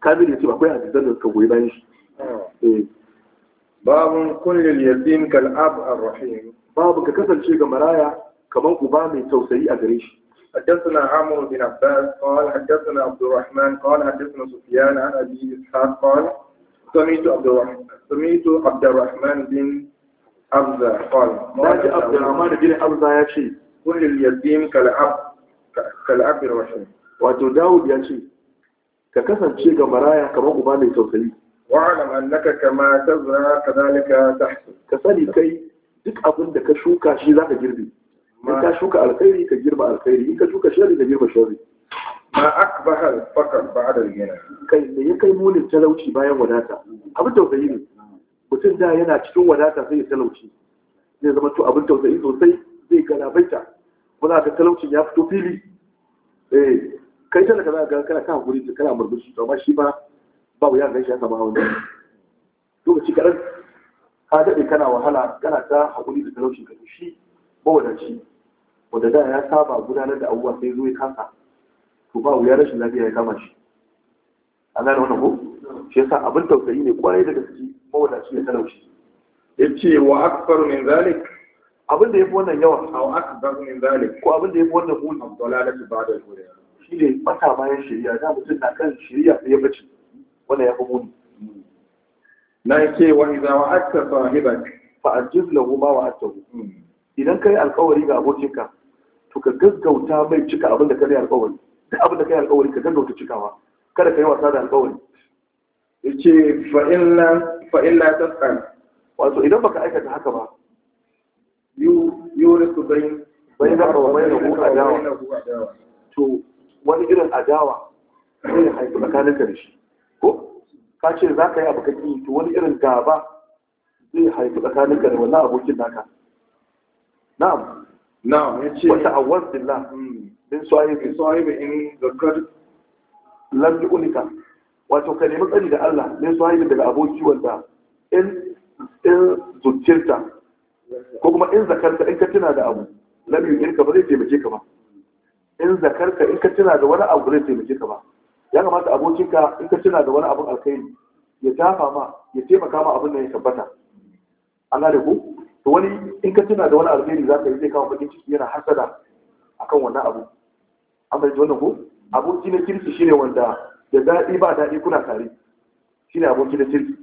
kafirul yatim akwai hadisan da suka goyi bayan shi eh. babun kullil yatim kal ab ar-rahim babu ka kasance ga maraya kaman uba mai tausayi a gare shi حدثنا عمرو بن عباس قال حدثنا عبد الرحمن قال حدثنا سفيان عن ابي اسحاق قال سميت عبد الرحمن سميت عبد الرحمن بن عبد قال ناجي عبد الرحمن بن عبد يا شي كل اليتيم كالعب كالعب الرحيم wato Dawud ya ce ka kasance ga maraya kamar uba mai tausayi wa'alam annaka kama tazra kadhalika tahsul ka kai duk abin da ka shuka shi zaka girbe in ka shuka alkhairi ka girba alkhairi in ka shuka shari ka girba ma akbaha al ba ba'da yana kai me ya kai mulin talauci bayan wadata abin tausayi ne mutum da yana cikin wadata sai ya talauci zai zama to abin tausayi sosai zai gana baita muna ga talaucin ya fito fili eh kai tana kaza ga kana kan guri da kana murmushi to amma shi ba babu ya gaishe ka to ci lokaci kadan ka daɗe kana wahala kana ta haƙuri da talauci ka shi mawadaci wanda da ya saba gudanar da abubuwa sai zo ya kasa to ba wuya rashin lafiya ya kama shi an gane wannan ko shi yasa abin tausayi ne kwarai da gaske mawadaci ya talauci ya ce wa akbar min zalik abin da ya fi wannan yawa aw akbar min zalik ko abin da ya fi wannan muni abdalalatu ba'da al-huda shi ne mata bayan shari'a da mutum na kan shari'a sai ya bace wannan ya fi muni na ce wa idza wa'adta sahibak fa ajiz lahu ma wa'adtahu hmm. idan kai alƙawari ga abokinka to ka gaggauta mai cika abin da kai alƙawari duk abin da kai alƙawari ka gano gaggauta cikawa kada ka yi wasa da alƙawari yace fa illa fa illa wato idan baka aikata haka ba yu yurisu bayn bainaka wa bainahu adawa to wani irin adawa zai haifi tsakanin ka da shi ko ka ce za ka yi abu ka to wani irin gaba zai haifi tsakanin ka da wannan abokin naka na'am na'am yace wa ta'awwaz billah hmm. din sahibi sahibi in zakar lam unika wato ka nemi tsari da Allah din sahibi daga aboki wanda in in zuciyarta ko kuma in zakarta in ka tuna da abu lam yu'nika ba zai taimake ka ba in zakarta in ka tuna da wani abu zai taimake ka ba ya kamata abokinka in ka tuna da wani abun alkhairi ya tafa ma ya taimaka ma abin da ya tabbata an da ku to wani in ka tuna da wani alkhairi za ka yi zai kawo bakin ciki yana hasada akan wannan abu an fahimci wannan ko aboki na kirki shine wanda da daɗi ba daɗi kuna tare shine aboki na kirki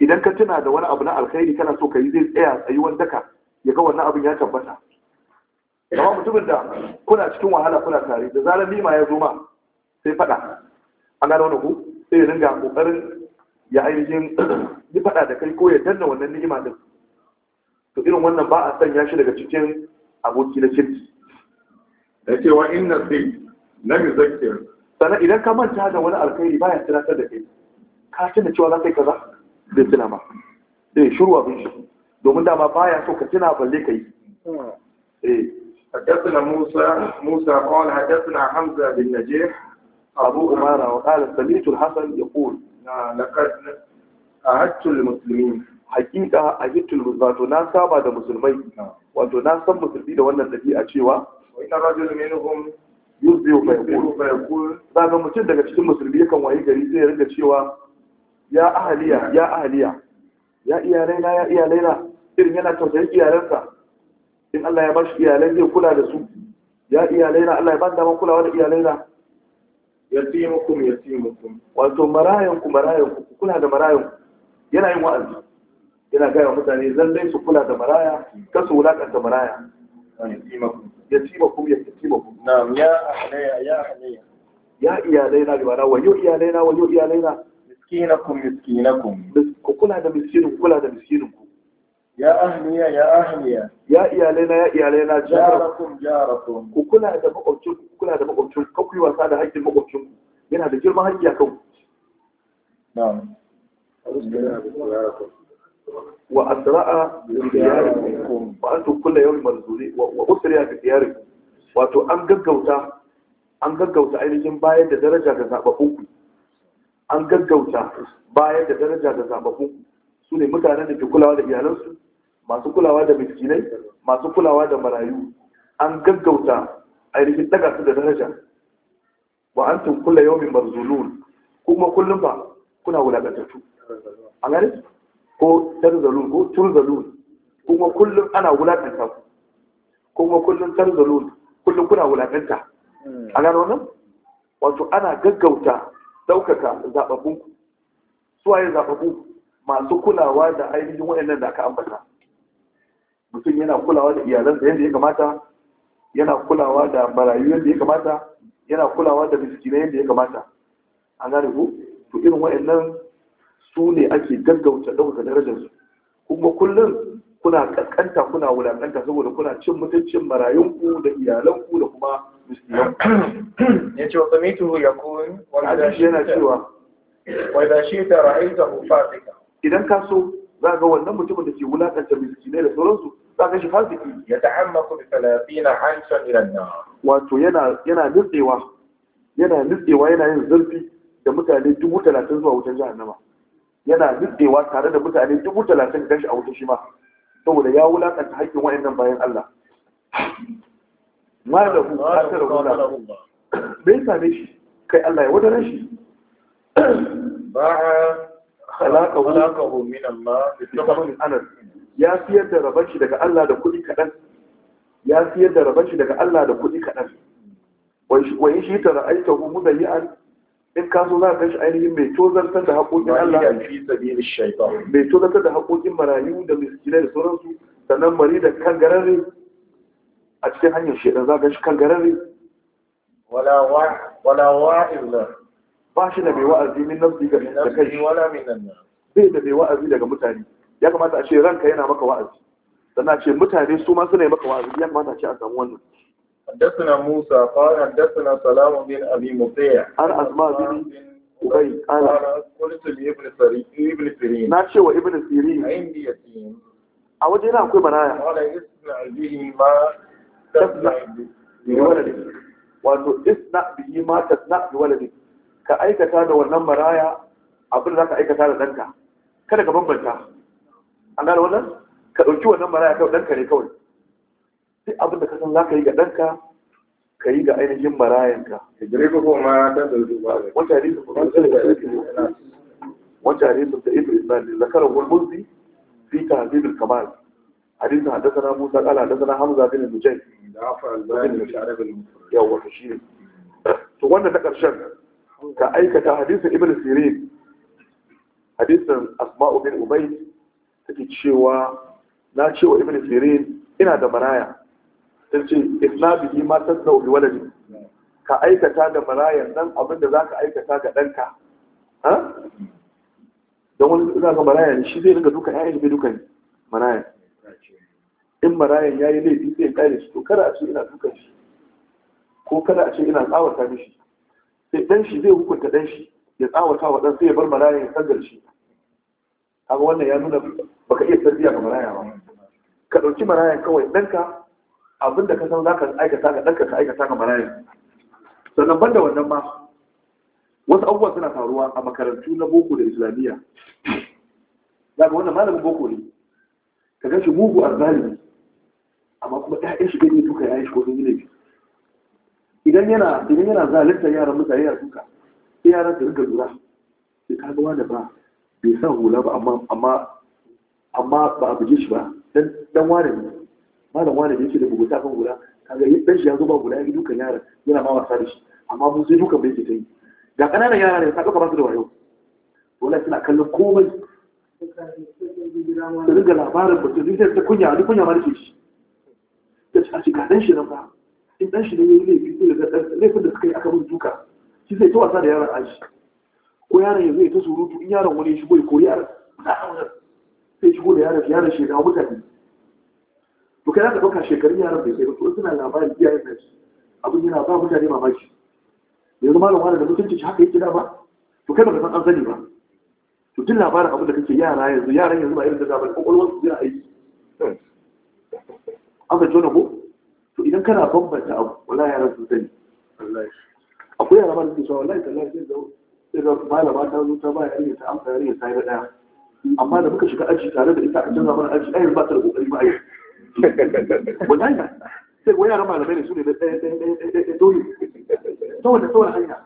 idan ka tuna da wani abu na alkhairi kana so ka yi zai tsaya wanda daka ya ga wannan abin ya tabbata amma mutumin da kuna cikin wahala kuna tare da zarar lima ya zo ma sai faɗa an gano wani ku sai ya dinga kokarin ya ainihin yi faɗa da kai ko ya danna wannan ni'ima din to irin wannan ba a sanya shi daga cikin aboki na kirki ya ce wa inna zai na mi zakir sannan idan ka manta da wani alkhairi baya tunatar da kai ka tuna cewa za ka yi kaza zai tuna ma zai shuru Domin da ma dama baya so ka tuna balle ka yi حدثنا موسى موسى قال abu حمزة بن نجيح أبو أمارة وقال سمعت Na يقول لقد أهدت المسلمين hakika a hitul wato na saba da musulmai wato na san musulmi da wannan dabi'a cewa وإن الرجل منهم yuzbiyu fa yaqul daga mutum daga cikin musulmi yakan wayi gari zai rinka cewa ya ahaliya ya ahaliya irin yana tausayin iyalansa in Allah ya bashi iyalai zai kula da su ya iyalai Allah ya bani daman kulawa da iyalai na yatimukum yatimukum wato marayan ku ku kula da marayan yana yin wa'azi yana gaya mutane zan dai su kula da maraya kasu wulakanta maraya yasimakum ya ya ku kula da miskinin kula da ya ahliya ya ahliya ya iyalai ya iyalai na jarakun ku kula da makwabcin ku kula da makwabcin ku yi wasa da haƙƙin makwabcin yana da girman haƙƙi a kan ku na'am da وأسرع بدياركم وأنتم كل يوم مرزولين وأسرع بدياركم wato an gaggauta an gaggauta ainihin bayan da daraja ga zababbunku an gaggauta bayan da daraja ga zababbunku su ne mutanen da ke kulawa da iyalansu masu kulawa da miskinai masu kulawa da marayu an gaggauta ainihin daga su da daraja wa antum kullu yawmin marzulun kuma kullum ba kuna wulakantattu an gane ko tarzalun ko turzalun kuma kullum ana wulakanta ku kuma kullum tarzalun kullum kuna wulakanta hmm. a gano nan wato ana gaggauta daukaka zababbun ku suwaye zababbu masu kulawa da ainihin wayannan da aka ambata mutum yana kulawa da iyalan da yadda ya kamata yana kulawa da marayu yadda ya kamata yana kulawa da miskinai yadda ya kamata a gano ku to irin wayannan su ne ake gaggauta ɗauka darajarsu kuma kullum kuna ƙanƙanta kuna wulaƙanta saboda kuna cin mutuncin marayunku da iyalanku da kuma ya ce wa samituhu ya kun wanda shi yana cewa wanda shi ta ra'ayta fasika idan ka so za ga wannan mutumin da ke wulaƙanta miskinai da sauransu za ka shi fasiki ya ta'ammaku bi talatina hansan ila nar wato yana yana nutsewa yana nutsewa yana yin zurfi da mutane dubu talatin zuwa wutar nama. yana nutsewa tare da mutane dubu talatin gashi a wuta shi ma saboda ya wulakanta haƙƙin wa'annan bayan Allah ma da ta a Me hula bai same shi kai Allah ya wadaran shi ba halakahu min Allah bi anas ya fiye da rabar shi daga Allah da kuɗi kaɗan ya fiye da rabar shi daga Allah da kuɗi kaɗan wa shi ta ra'aitahu mudayi'an in ka zo za ka shi ainihin mai tozartar da haƙoƙin Allah mai tozartar da haƙoƙin marayu da miskinai da sauransu sannan mari da kangararre a cikin hanyar shaidan za ka shi kangararre wala wa'illa ba shi da mai wa'azi min nafsi ga da kai wala min nan bai da mai wa'azi daga mutane ya kamata a ce ranka yana maka wa'azi sannan a ce mutane su ma suna yi maka wa'azi ya kamata a ce a samu wannan حدثنا موسى قال حدثنا سلام بن أبي مطيع عن أسماء بن أبي قال قلت لابن سيرين ابن سيرين وابن سيرين عندي يتيم أودينا أقول بنايا قال اسمع به ما تسمع بولدك wato isna ma bi ka aikata da wannan maraya abin da za ka aikata da danka kada ka bambanta an gane wannan ka ɗauki wannan maraya kawai, danka ne kawai duk abin da ka san za ka yi ga ɗanka ka yi ga ainihin marayanka wata hadisin da ibn ismail zakarar gulmuzi fi tahzib al-kamal hadisin haddathana musa qala haddathana hamza bin mujayd da afa al-bani yawa shi to wanda ta ƙarshen ka aikata hadisin ibn sirin hadisin asma'u bin ubay take cewa na cewa ibn sirin ina da maraya ta ce isnabihi ma tasnau bi waladi ka aikata da marayan nan abin da zaka aikata ga danka ha don wani suka ga marayan shi zai riga duka yayin bai duka marayan in marayan yayi laifi sai kare shi to kada a ce ina dukan shi ko kada a ce ina tsawata mishi sai dan shi zai hukunta dan shi ya tsawata wa dan sai ya bar marayan ya sangar shi kaga wannan ya nuna baka iya tarbiyya ga maraya ba ka ɗauki marayan kawai ɗanka abin da ka san za ka aikata ka ɗanka ka aikata ka marayin sannan ban da wannan ma wasu abubuwa suna faruwa a makarantu na boko da islamiyya za ka wannan malamin boko ne ka gashi mugu a zalimi amma kuma yi shi gani tuka ya yi shi ko sun yi laifi idan yana idan yana zalunta yaran mutane ya tuka sai yaran su rinka lura sai ka ga wanda ba bai sa hula ba amma amma amma ba a buge shi ba dan dan ne malam wani da yake da bugu tafin guda kaga dan shi ya zo ba guda ya dukan yaran yana ma wasa da shi amma mun sai dukan bai ke ta yi ga ƙananan yara ne sa, ba su da wayo dole suna kallon komai da dinga labarin ba zai ta kunya duk kunya ma ke shi ta ce a ce ga dan shi nan ba in dan shi ne yi laifi su da laifin da suka yi aka mun duka shi zai ta wasa da yaran aji ko yaron yanzu ya ta surutu in yaron wani ya shigo ya kori yaron sai shigo da yaron yaron shi dawo mutane to za ka ɗauka shekarun yaran bai kai ba to suna labarin iyayen da su abin yana ba mutane mamaki yanzu malam wani da mutunci haka yake da ba to kai ka san an sani ba to duk labarin abin da kake yara yanzu yaran yanzu ba irin da da ba kokolwar su yi aiki an zance wani ko to idan kana bambanta abu wala yaran su sani akwai yara ba da suke cewa wallahi tallahi zai zo sai ga malama ta zo ta ba yarinya ta amsa yarinya ta yi da ɗaya amma da muka shiga aji tare da ita a canza mana aji ayin ba ta da ƙoƙari ba ayin wallahi sai ko malamai ne su malami ne ne kuma kowa za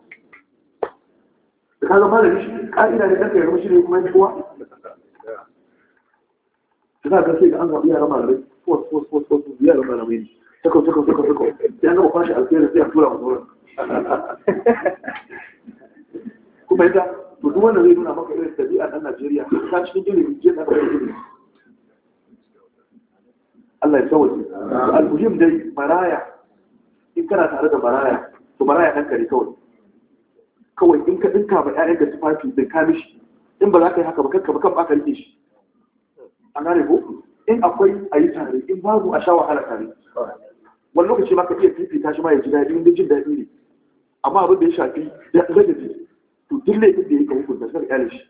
malamai malamai nuna maka irin a ɗan Najeriya ta cikin ilimi ke Allah ya sauwaje al-muhim dai maraya in kana tare da maraya to maraya ɗanka ne kawai kawai in ka ɗinka ba ‘ya’yan da tufafi da ka mishi in ba za ka yi haka ba kanka ba kan ba ka rike shi a gane ko in akwai a yi tare in babu a sha wahala tare wani lokaci ma ka iya fifita shi ma ya ji daɗi in jin daɗi ne amma abin da ya shafi ya ji, to duk laifin da ya ka hukunta sai ka shi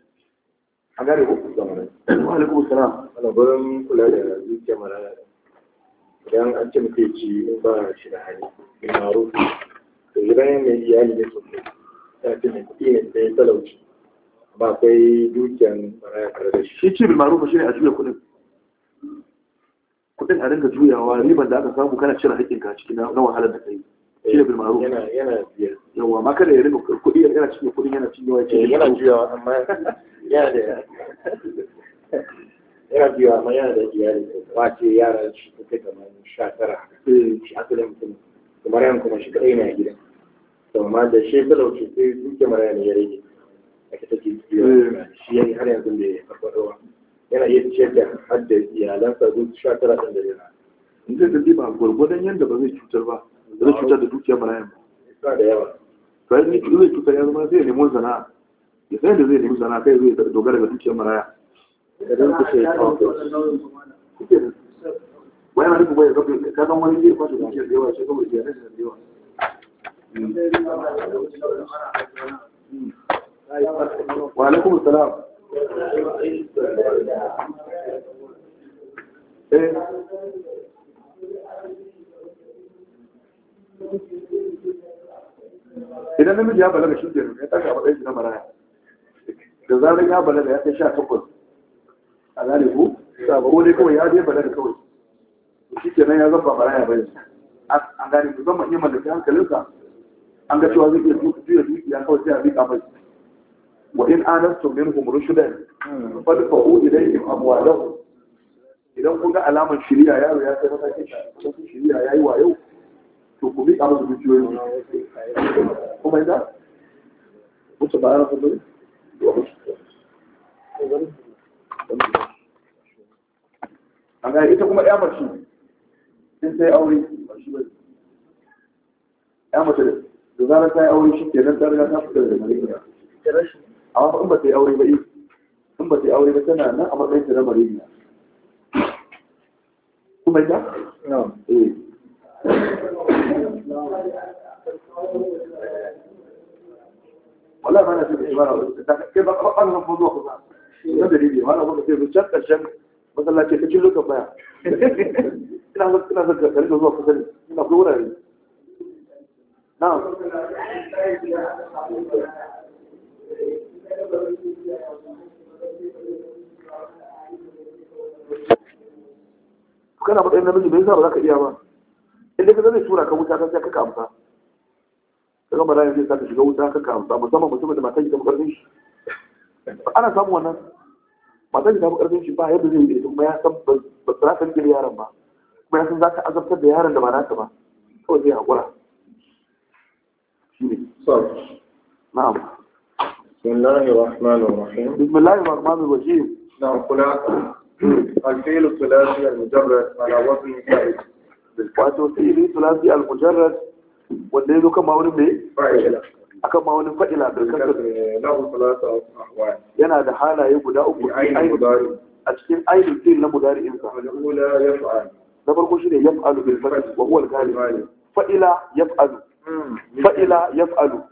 an gane ko wa alaikum salam ana kula da zuciya maraya idan an ce mutum ci in ba shi da hali in maro to idan mai iyali ne sosai ta ce mai kuɗi ne sai talauci amma akwai dukiyan maraya kare da shi shi ce bil maro shi ne a juya kuɗin kuɗin a dinga juyawa riban da aka samu kana cire haƙƙinka cikin na wahalar da kai shi ne bil maro eh, yana yana biyar yawa ma kada ya rinka kuɗi yana cinye kuɗin yana cinye wa eh, yana juyawa amma yana da yana biyu amma yana da iyali ba ce yara shi ta kai kamar sha tara haka hmm. shi aka da mutum kamar yan kuma shi kaɗai na gida to amma da shi talauci sai duke mara yana ya rage a ta take biyu hmm. shi ya har yanzu da ya farfadowa yana iya ciyar da har da iyalansa duk sha tara ɗin da yana in zai zai ba gwargwadon yadda ba zai cutar ba ba zai cutar da dukiyar mara yan ba da yawa to yanzu zai cutar ya zama zai nemo sana'a ya san da zai nemi sana'a kai zai dogara ga dukiyar maraya Hmm. wa eh. idan namiji ya balaga shi ke ya tashi a shi na maraya da zarar ya balaga ya kai sha takwas a gane ko sabo dai kawai ya je bada kawai shi kenan ya zaba ya bane an gane musamman yin mallaki hankalinsa an ga cewa zai iya juya dukiya kawai sai a bi kamar. wa in anastum minhum rushdan fadfa'u ilayhim amwalahum idan kun ga alamar shiriya yaro ya kai matakin shi shiriya yayi wayo to ku bi kamar dukiyoyin kuma idan mutu ba ya rubuta a ga ita kuma ya mace in sai aure ya mace da zarar ta yi aure shi ke nan ta ta fita da mariya amma in ba ta yi aure ba eh, in ba ta yi aure ba tana nan a matsayin ta na mariya kuma ita? Eh. wala ba na da ba na fi na dalili wani abu da sai can ƙarshen masallaci ka cikin ka baya ina son ina son ka rika zuwa kusa ne ina kuma wurare na'am kana matsayin namiji bai sa ba za ka iya ba inda kaga zai tura ka wuta ta sai ka kamsa kaga ba zai sa ka shiga wuta ka kamsa musamman mutumin da matan gidan karfin shi ana samun wannan matan da karfin shi ba yadda zai yi kuma ya san ba za ta rike yaron ba kuma ya san za ta azabtar da yaron da ba naka ba kawai zai haƙura shi ne na'am بسم الله الرحمن الرحيم بسم الله الرحمن الرحيم نعم خلاصة الفيل الثلاثي المجرد على وزن فاعل wato fi'ili sulasi al-mujarrad wanda yazo kan ma'aunin mai fa'ila akan ma wani faɗi labarkar yana da halaye guda uku a cikin ainihin fil na mudari'insa na farko shi ne yaf'alu bil fath wa huwa al-ghalib fa'ila yaf'alu hmm. fa'ila yaf'alu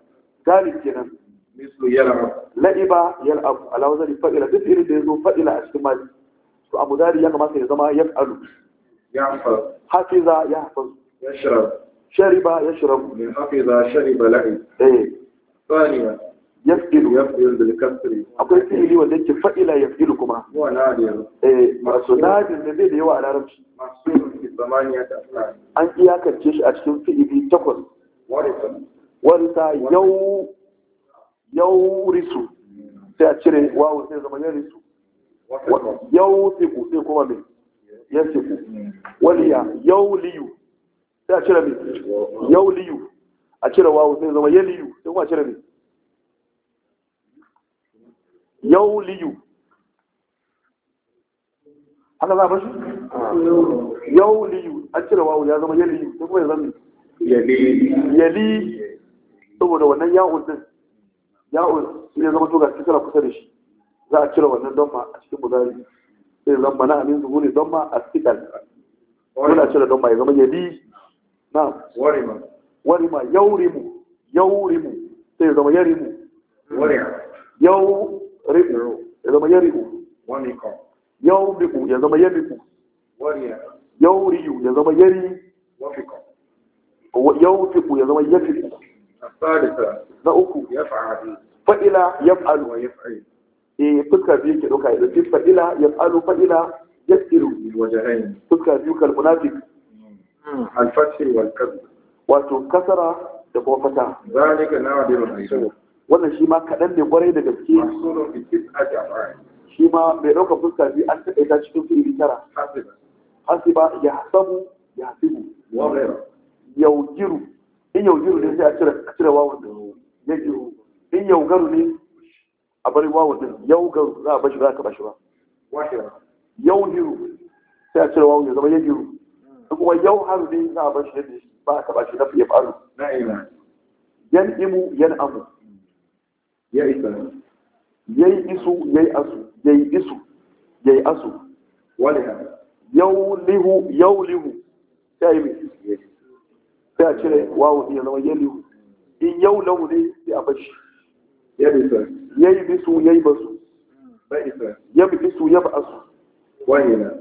galib kenan mislu yal'ab la'iba yal'ab ala wazani fa'ila duk irin da ya zo fa'ila a cikin mali to a mudari ya kamata ya zama yaf'alu ya'faz hafiza ya yahfaz yashrab shariba yashrab hafiza shariba ba la'i? Eh. yaf'il bil kasri akwai fi'ili wanda yake fa'ila yaf'ilu kuma wa nadir eh masu nadir da zai da yawa a larabci masu fi zamaniyat aslan an iyakance shi a cikin fi'ili takwas warisa yau yau risu sai a cire wawu sai zama yau risu yau siku sai kuma mai ya siku waliya yau liyu sai a cire mai yau liyu a cire wawu sai zama yau liyu sai kuma a cire mai liyu, haka za a bashi? liyu, an cire wawu ya zama yaliyu ta kuma ya zama yali saboda wannan ya'un din ya'un ya zama to ga cikin kusa da shi za a cire wannan donma a cikin buzari sai zan mana amin zuhu ne donma a cikin wani a cire donma ya zama yali na warima warima yaurimu yaurimu sai ya zama yarimu yau ri'u ya zama yari'u yawri'u ya zama yari'u yawri'u ya zama yari yawfiqu ya zama yafiqu na uku fa'ila yaf'alu E, fuska biyu ke ɗauka ya ɗauki fa'ila yaf'alu fa'ila yasiru fuska biyu kalmunafik hmm. alfasir wato kasara da kuma fata zalika nadirun aisu wannan shi ma kaɗan ne kwarai da gaske shi ma mai ɗaukar fuska biyu an taɓa ita cikin su iri tara hasiba ya samu ya hasibu yaugiru in yaugiru ne sai a cire a cire wawan ya giru in yaugaru ne a bari wawan yau garu za a bashi za ka bashi ba yaugiru sai a cire wawan ya zama yaugiru in kuma haru ne za a bashi yadda ba a taɓa shi na fiye faru yan amu. ya isa yi isu yi asu yi isu yi asu lihu, yaulihu yaulihu sai yi ta ya cire wawu iya zama lihu in lahu ne sai a bashi ya isa yi bisu yi basu bai isa ya bisu Yau hilu,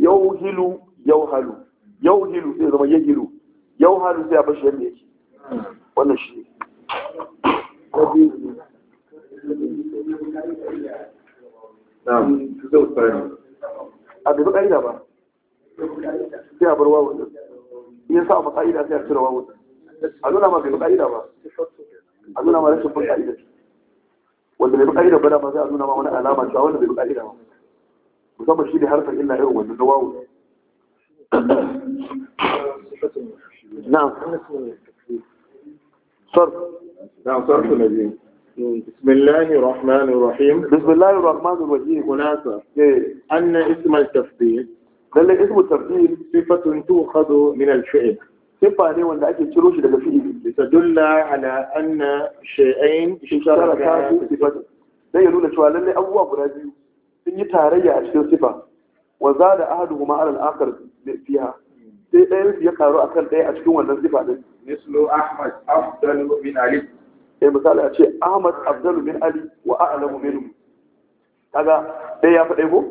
yau yauhilu yauhalu yauhilu sai zama Yau yauhalu sai a bashi yadda yake hmm. wannan shi ne na'am zai fara a dubu ƙa'ida ba sai a bar wawon ya sa a ƙa'ida sai a cire wawon a nuna ma bai ƙa'ida ba a nuna ma rashin bin ƙa'ida wanda bai ƙa'ida ba da ma sai a nuna ma wani alama cewa wanda bai ƙa'ida ba musamman shi ne harfin illa irin wannan na wawon نعم صرف نعم صرف النبي بسم الله الرحمن الرحيم بسم الله الرحمن الرحيم خلاصة أن اسم التفضيل لأن اسم التفضيل صفة تؤخذ من الفعل صفة ليه ولا أكيد تروش لما فيه تدل على أن شيئين اشتركا في صفة ده يقول شو قال لي أول برازيل sun yi tarayya a cikin sifa wa za da ahaduhu ma alal akhar fiha sai ɗayan ya karu akan ɗaya a cikin wannan sifa din mislu ahmad afdalu min ali sai misali a ce Ahmad Abdul bin Ali wa a'lamu minhu kaga dai ya faɗe ko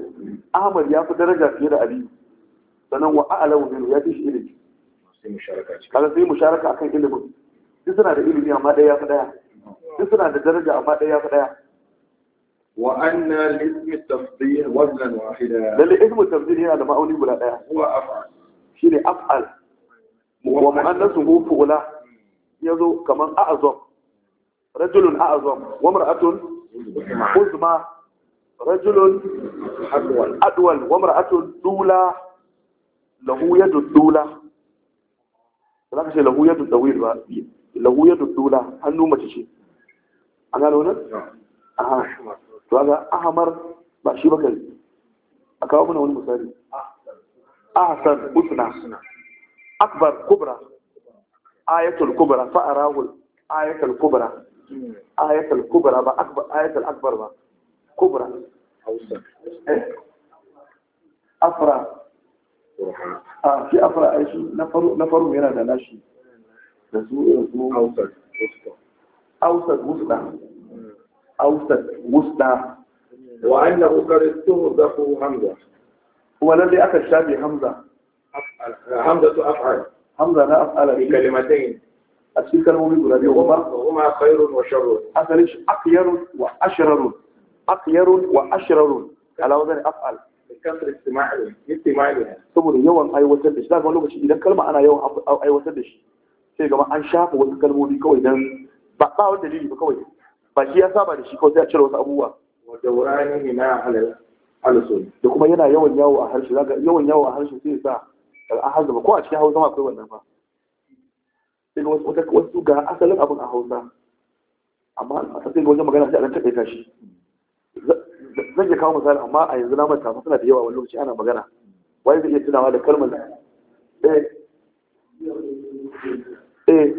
Ahmad ya fi daraja fiye da Ali sanan wa a'lamu minhu ya fi shi ilimi kaga sai musharaka akan ilimin duk suna da ilimi amma ɗaya ya fi daya duk suna da daraja amma ɗaya ya fi ɗaya وأن الاسم التفضيل وزنا واحدا للاسم التفضيل هنا لما أولي ولا لا هو أفعل شيني أفعل ومؤنثه فعلا yazo kaman أعظم رجل أعظم وامرأة عظمى رجل أدول أدول دولة له يد الدولة za ka ce lahu yadu dawil ba lahu yadu dula hannu mace ce an gano nan aha to ga ahmar ba shi ba kai a kawo mana wani misali ahsan usna akbar kubra ayatul kubra fa kubra ayatul kubra ba akbar ayatul akbar ba kubra eh. afra a ah, shi afra ai shi na faru yana da nashi da su irin eh, su ausat ausat wusta ausat wusta wa annahu karatuhu hamza wannan dai aka shafe hamza hamza hamza na af'ala a cikin kalmomi guda biyu kuma kuma khairun wa sharrun asalin shi akhyarun wa ashrarun akhyarun wa ashrarun ala wazan af'al kasar istimali saboda yawan aiwatar da shi zaka lokaci idan kalma ana yawan aiwatar da shi sai gama an shafa wasu kalmomi kawai dan ba ba wani dalili ba kawai ba shi ya saba da shi kawai sai a cire wasu abubuwa wa dawrani na halal alsun da kuma yana yawan yawo a harshe yawan yawo a harshe sai sa al'ahaz ba ko a cikin hausa ma akwai sai wata wasu ga asalin abin a hausa amma a sai wajen magana sai a ɗan taƙaita shi zan iya kawo misali amma a yanzu na manta suna da yawa wani lokaci ana magana wani zai iya tunawa da kalmar da eh eh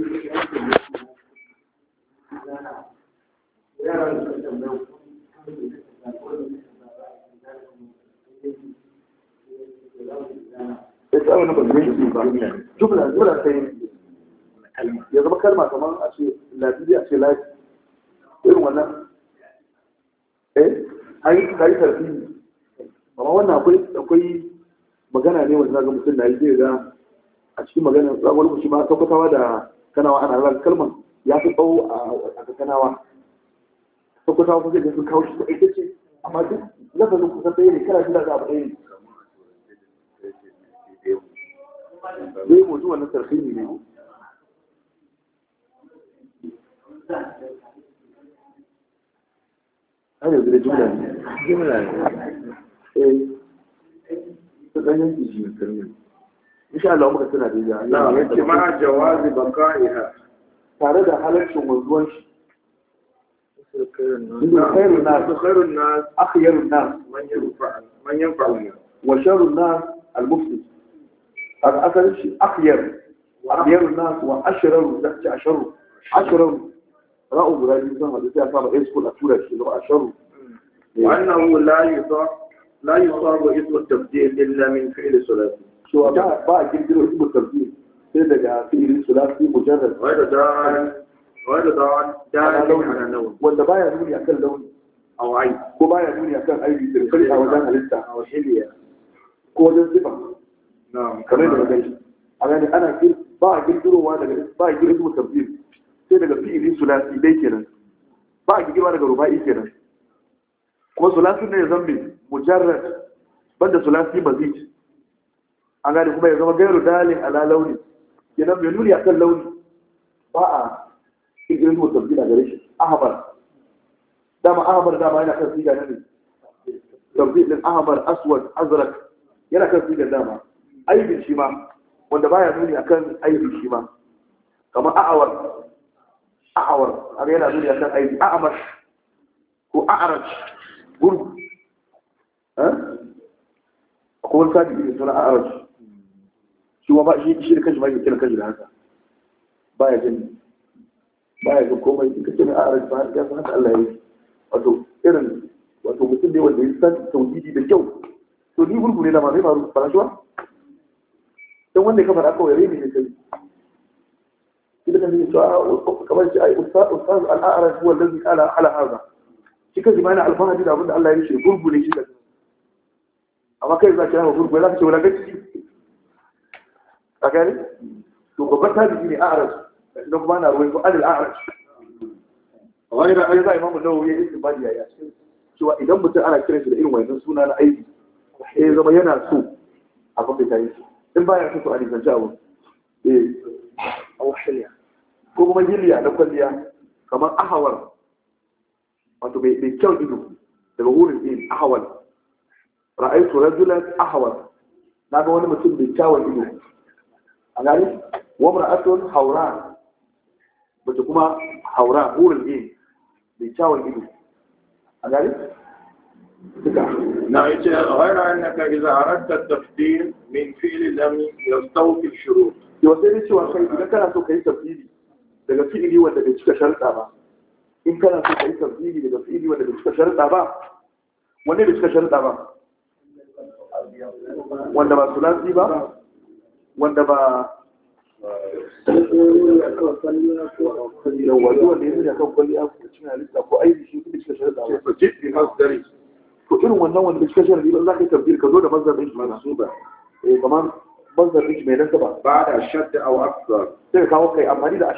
Ita wani ba zai yi da jumla jumla ya zama kalma kamar a ce lafiya a ce lafi irin wannan eh an yi kai tarfi amma wannan akwai akwai magana ne wanda ga mutum na yi zai ga a cikin magana wani mutum ma sakwatawa da kanawa ana ran kalman ya fi tsawo a kanawa sakwatawa kuma zai sun kawo shi kuɗi ita ce amma duk lafazin kusan ɗaya ne kana jira da abu ɗaya ne zai mutu wannan tarfi ne أيوة دي جملة طيب. جملة إيه تبين تجي الكلمة إن شاء الله عمرك سنة دي لا انت مع جواز بقائها تعرض حالك شو مزوج نعم. خير الناس خير الناس أخير الناس من ينفع من ينفع وشر الناس المفسد هذا أكثر شيء أخير أخير الناس وأشرر تحت أشرر أشرر ra'u guda biyu sun haɗu sai a saba iskul a tura shi a sharu wannan la yusa la yusa ba iskul tabdil illa min fi'l sulasi so ba a kirkiro iskul tabdil sai daga fi'l sulasi mujarrad wa da dan wa da dan dan ana launi wanda baya nuni akan launi aw ai ko baya nuni akan aibi tirkari a wajen halitta aw hiliya ko wajen sifa na'am kamar da magana a ana ba a kirkirowa daga ba a tabdil sai daga fi'ili sulasi dai kenan ba a gigima daga ruba'i kenan kuma sulasi ne ya zama mujarrad banda sulasi mazid an gane kuma ya zama gairu dalin ala launi kenan zama nuri nuni akan launi ba a yi mutum gina gare shi ahabar dama ahabar dama yana kan siga ne tabbi din ahabar aswad azrak yana kan siga dama aibin shi ma wanda baya nuni akan aibin shi ma kamar a'awar a'awar har yana nuni akan aiki a'amar ko a'araj gurgu eh? akwai wani sabi ne suna a'araj shi ma ba shi shi da kashi ma yake kira kashi da haka ba ya jin ba ya jin komai in ne mai a'araj ba ya san haka Allah ya yi wato irin wato mutum ne wanda ya san tauhidi da kyau to ni gurgu ne na ma zai faru ba shi ba dan wanda ya kafa da aka waye ne kai da zai ah, to kamar shi ai ustaz al huwa qala ala hadha shi kaji mana da abinda Allah ya yi shi gurgure shi da amma kai za ka yi gurgure za ka ce wala gaci a gani to ne a'raj da kuma na يا cewa idan mutum ana kiran shi da irin wannan suna na aiki ya zama yana so a kuma ta yi in baya so to a abu ko kuma hiliya na kwalliya kamar ahawar wato mai kyau ido daga wurin din ahawar ra'aitu rajulan ahawar na ga wani mutum mai kyawun ido a gani wani ra'atun haura mace kuma haura wurin din mai kyawun ido a gani na yace ghaira annaka idza aradta at-tafdil min fili lam yastawfi ash-shurut yau sai cewa kai idan kana so kai tafdili daga fi'ili wanda bai cika sharɗa ba in kana so ka yi tafsiri daga fi'ili wanda bai cika sharɗa ba wanda bai cika sharɗa ba wanda ba su sulasi ba wanda ba da yanzu ko ko aiki cika ba irin wannan wanda bai cika sharɗa ba za ka yi tafsir ka zo da mazarin shi ba eh, kamar mazarin shi mai nasaba ba da shadda au aksar sai ka kawo kai da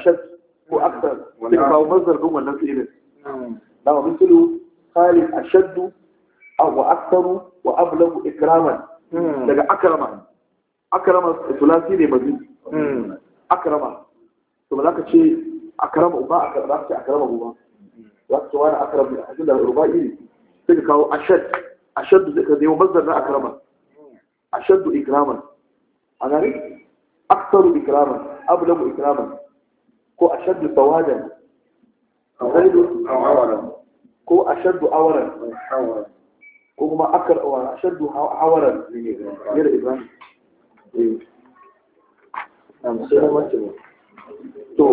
هو أكثر تبقى مصدر جمل نفس إليه نعم. لما مثله خالد أشد أو أكثر وأبلغ إكراما لقى أكرما أكرما ثلاثي لي مزيد أكرما ثم لك شيء أكرم أبا أكرم أكرم أبا وقت وأنا أكرم أجل الرباعي تلك أشد أشد ذكر دي ومصدر لا أكرما أشد إكراما أنا أكثر إكراما أبلغ إكراما ko ashaddu sawadan ghayru awaran ko awaran ko kuma akar awaran ashaddu hawaran ne da ibrahim eh. na mace to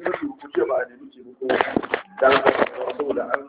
ne ba a nemi ce ko saboda an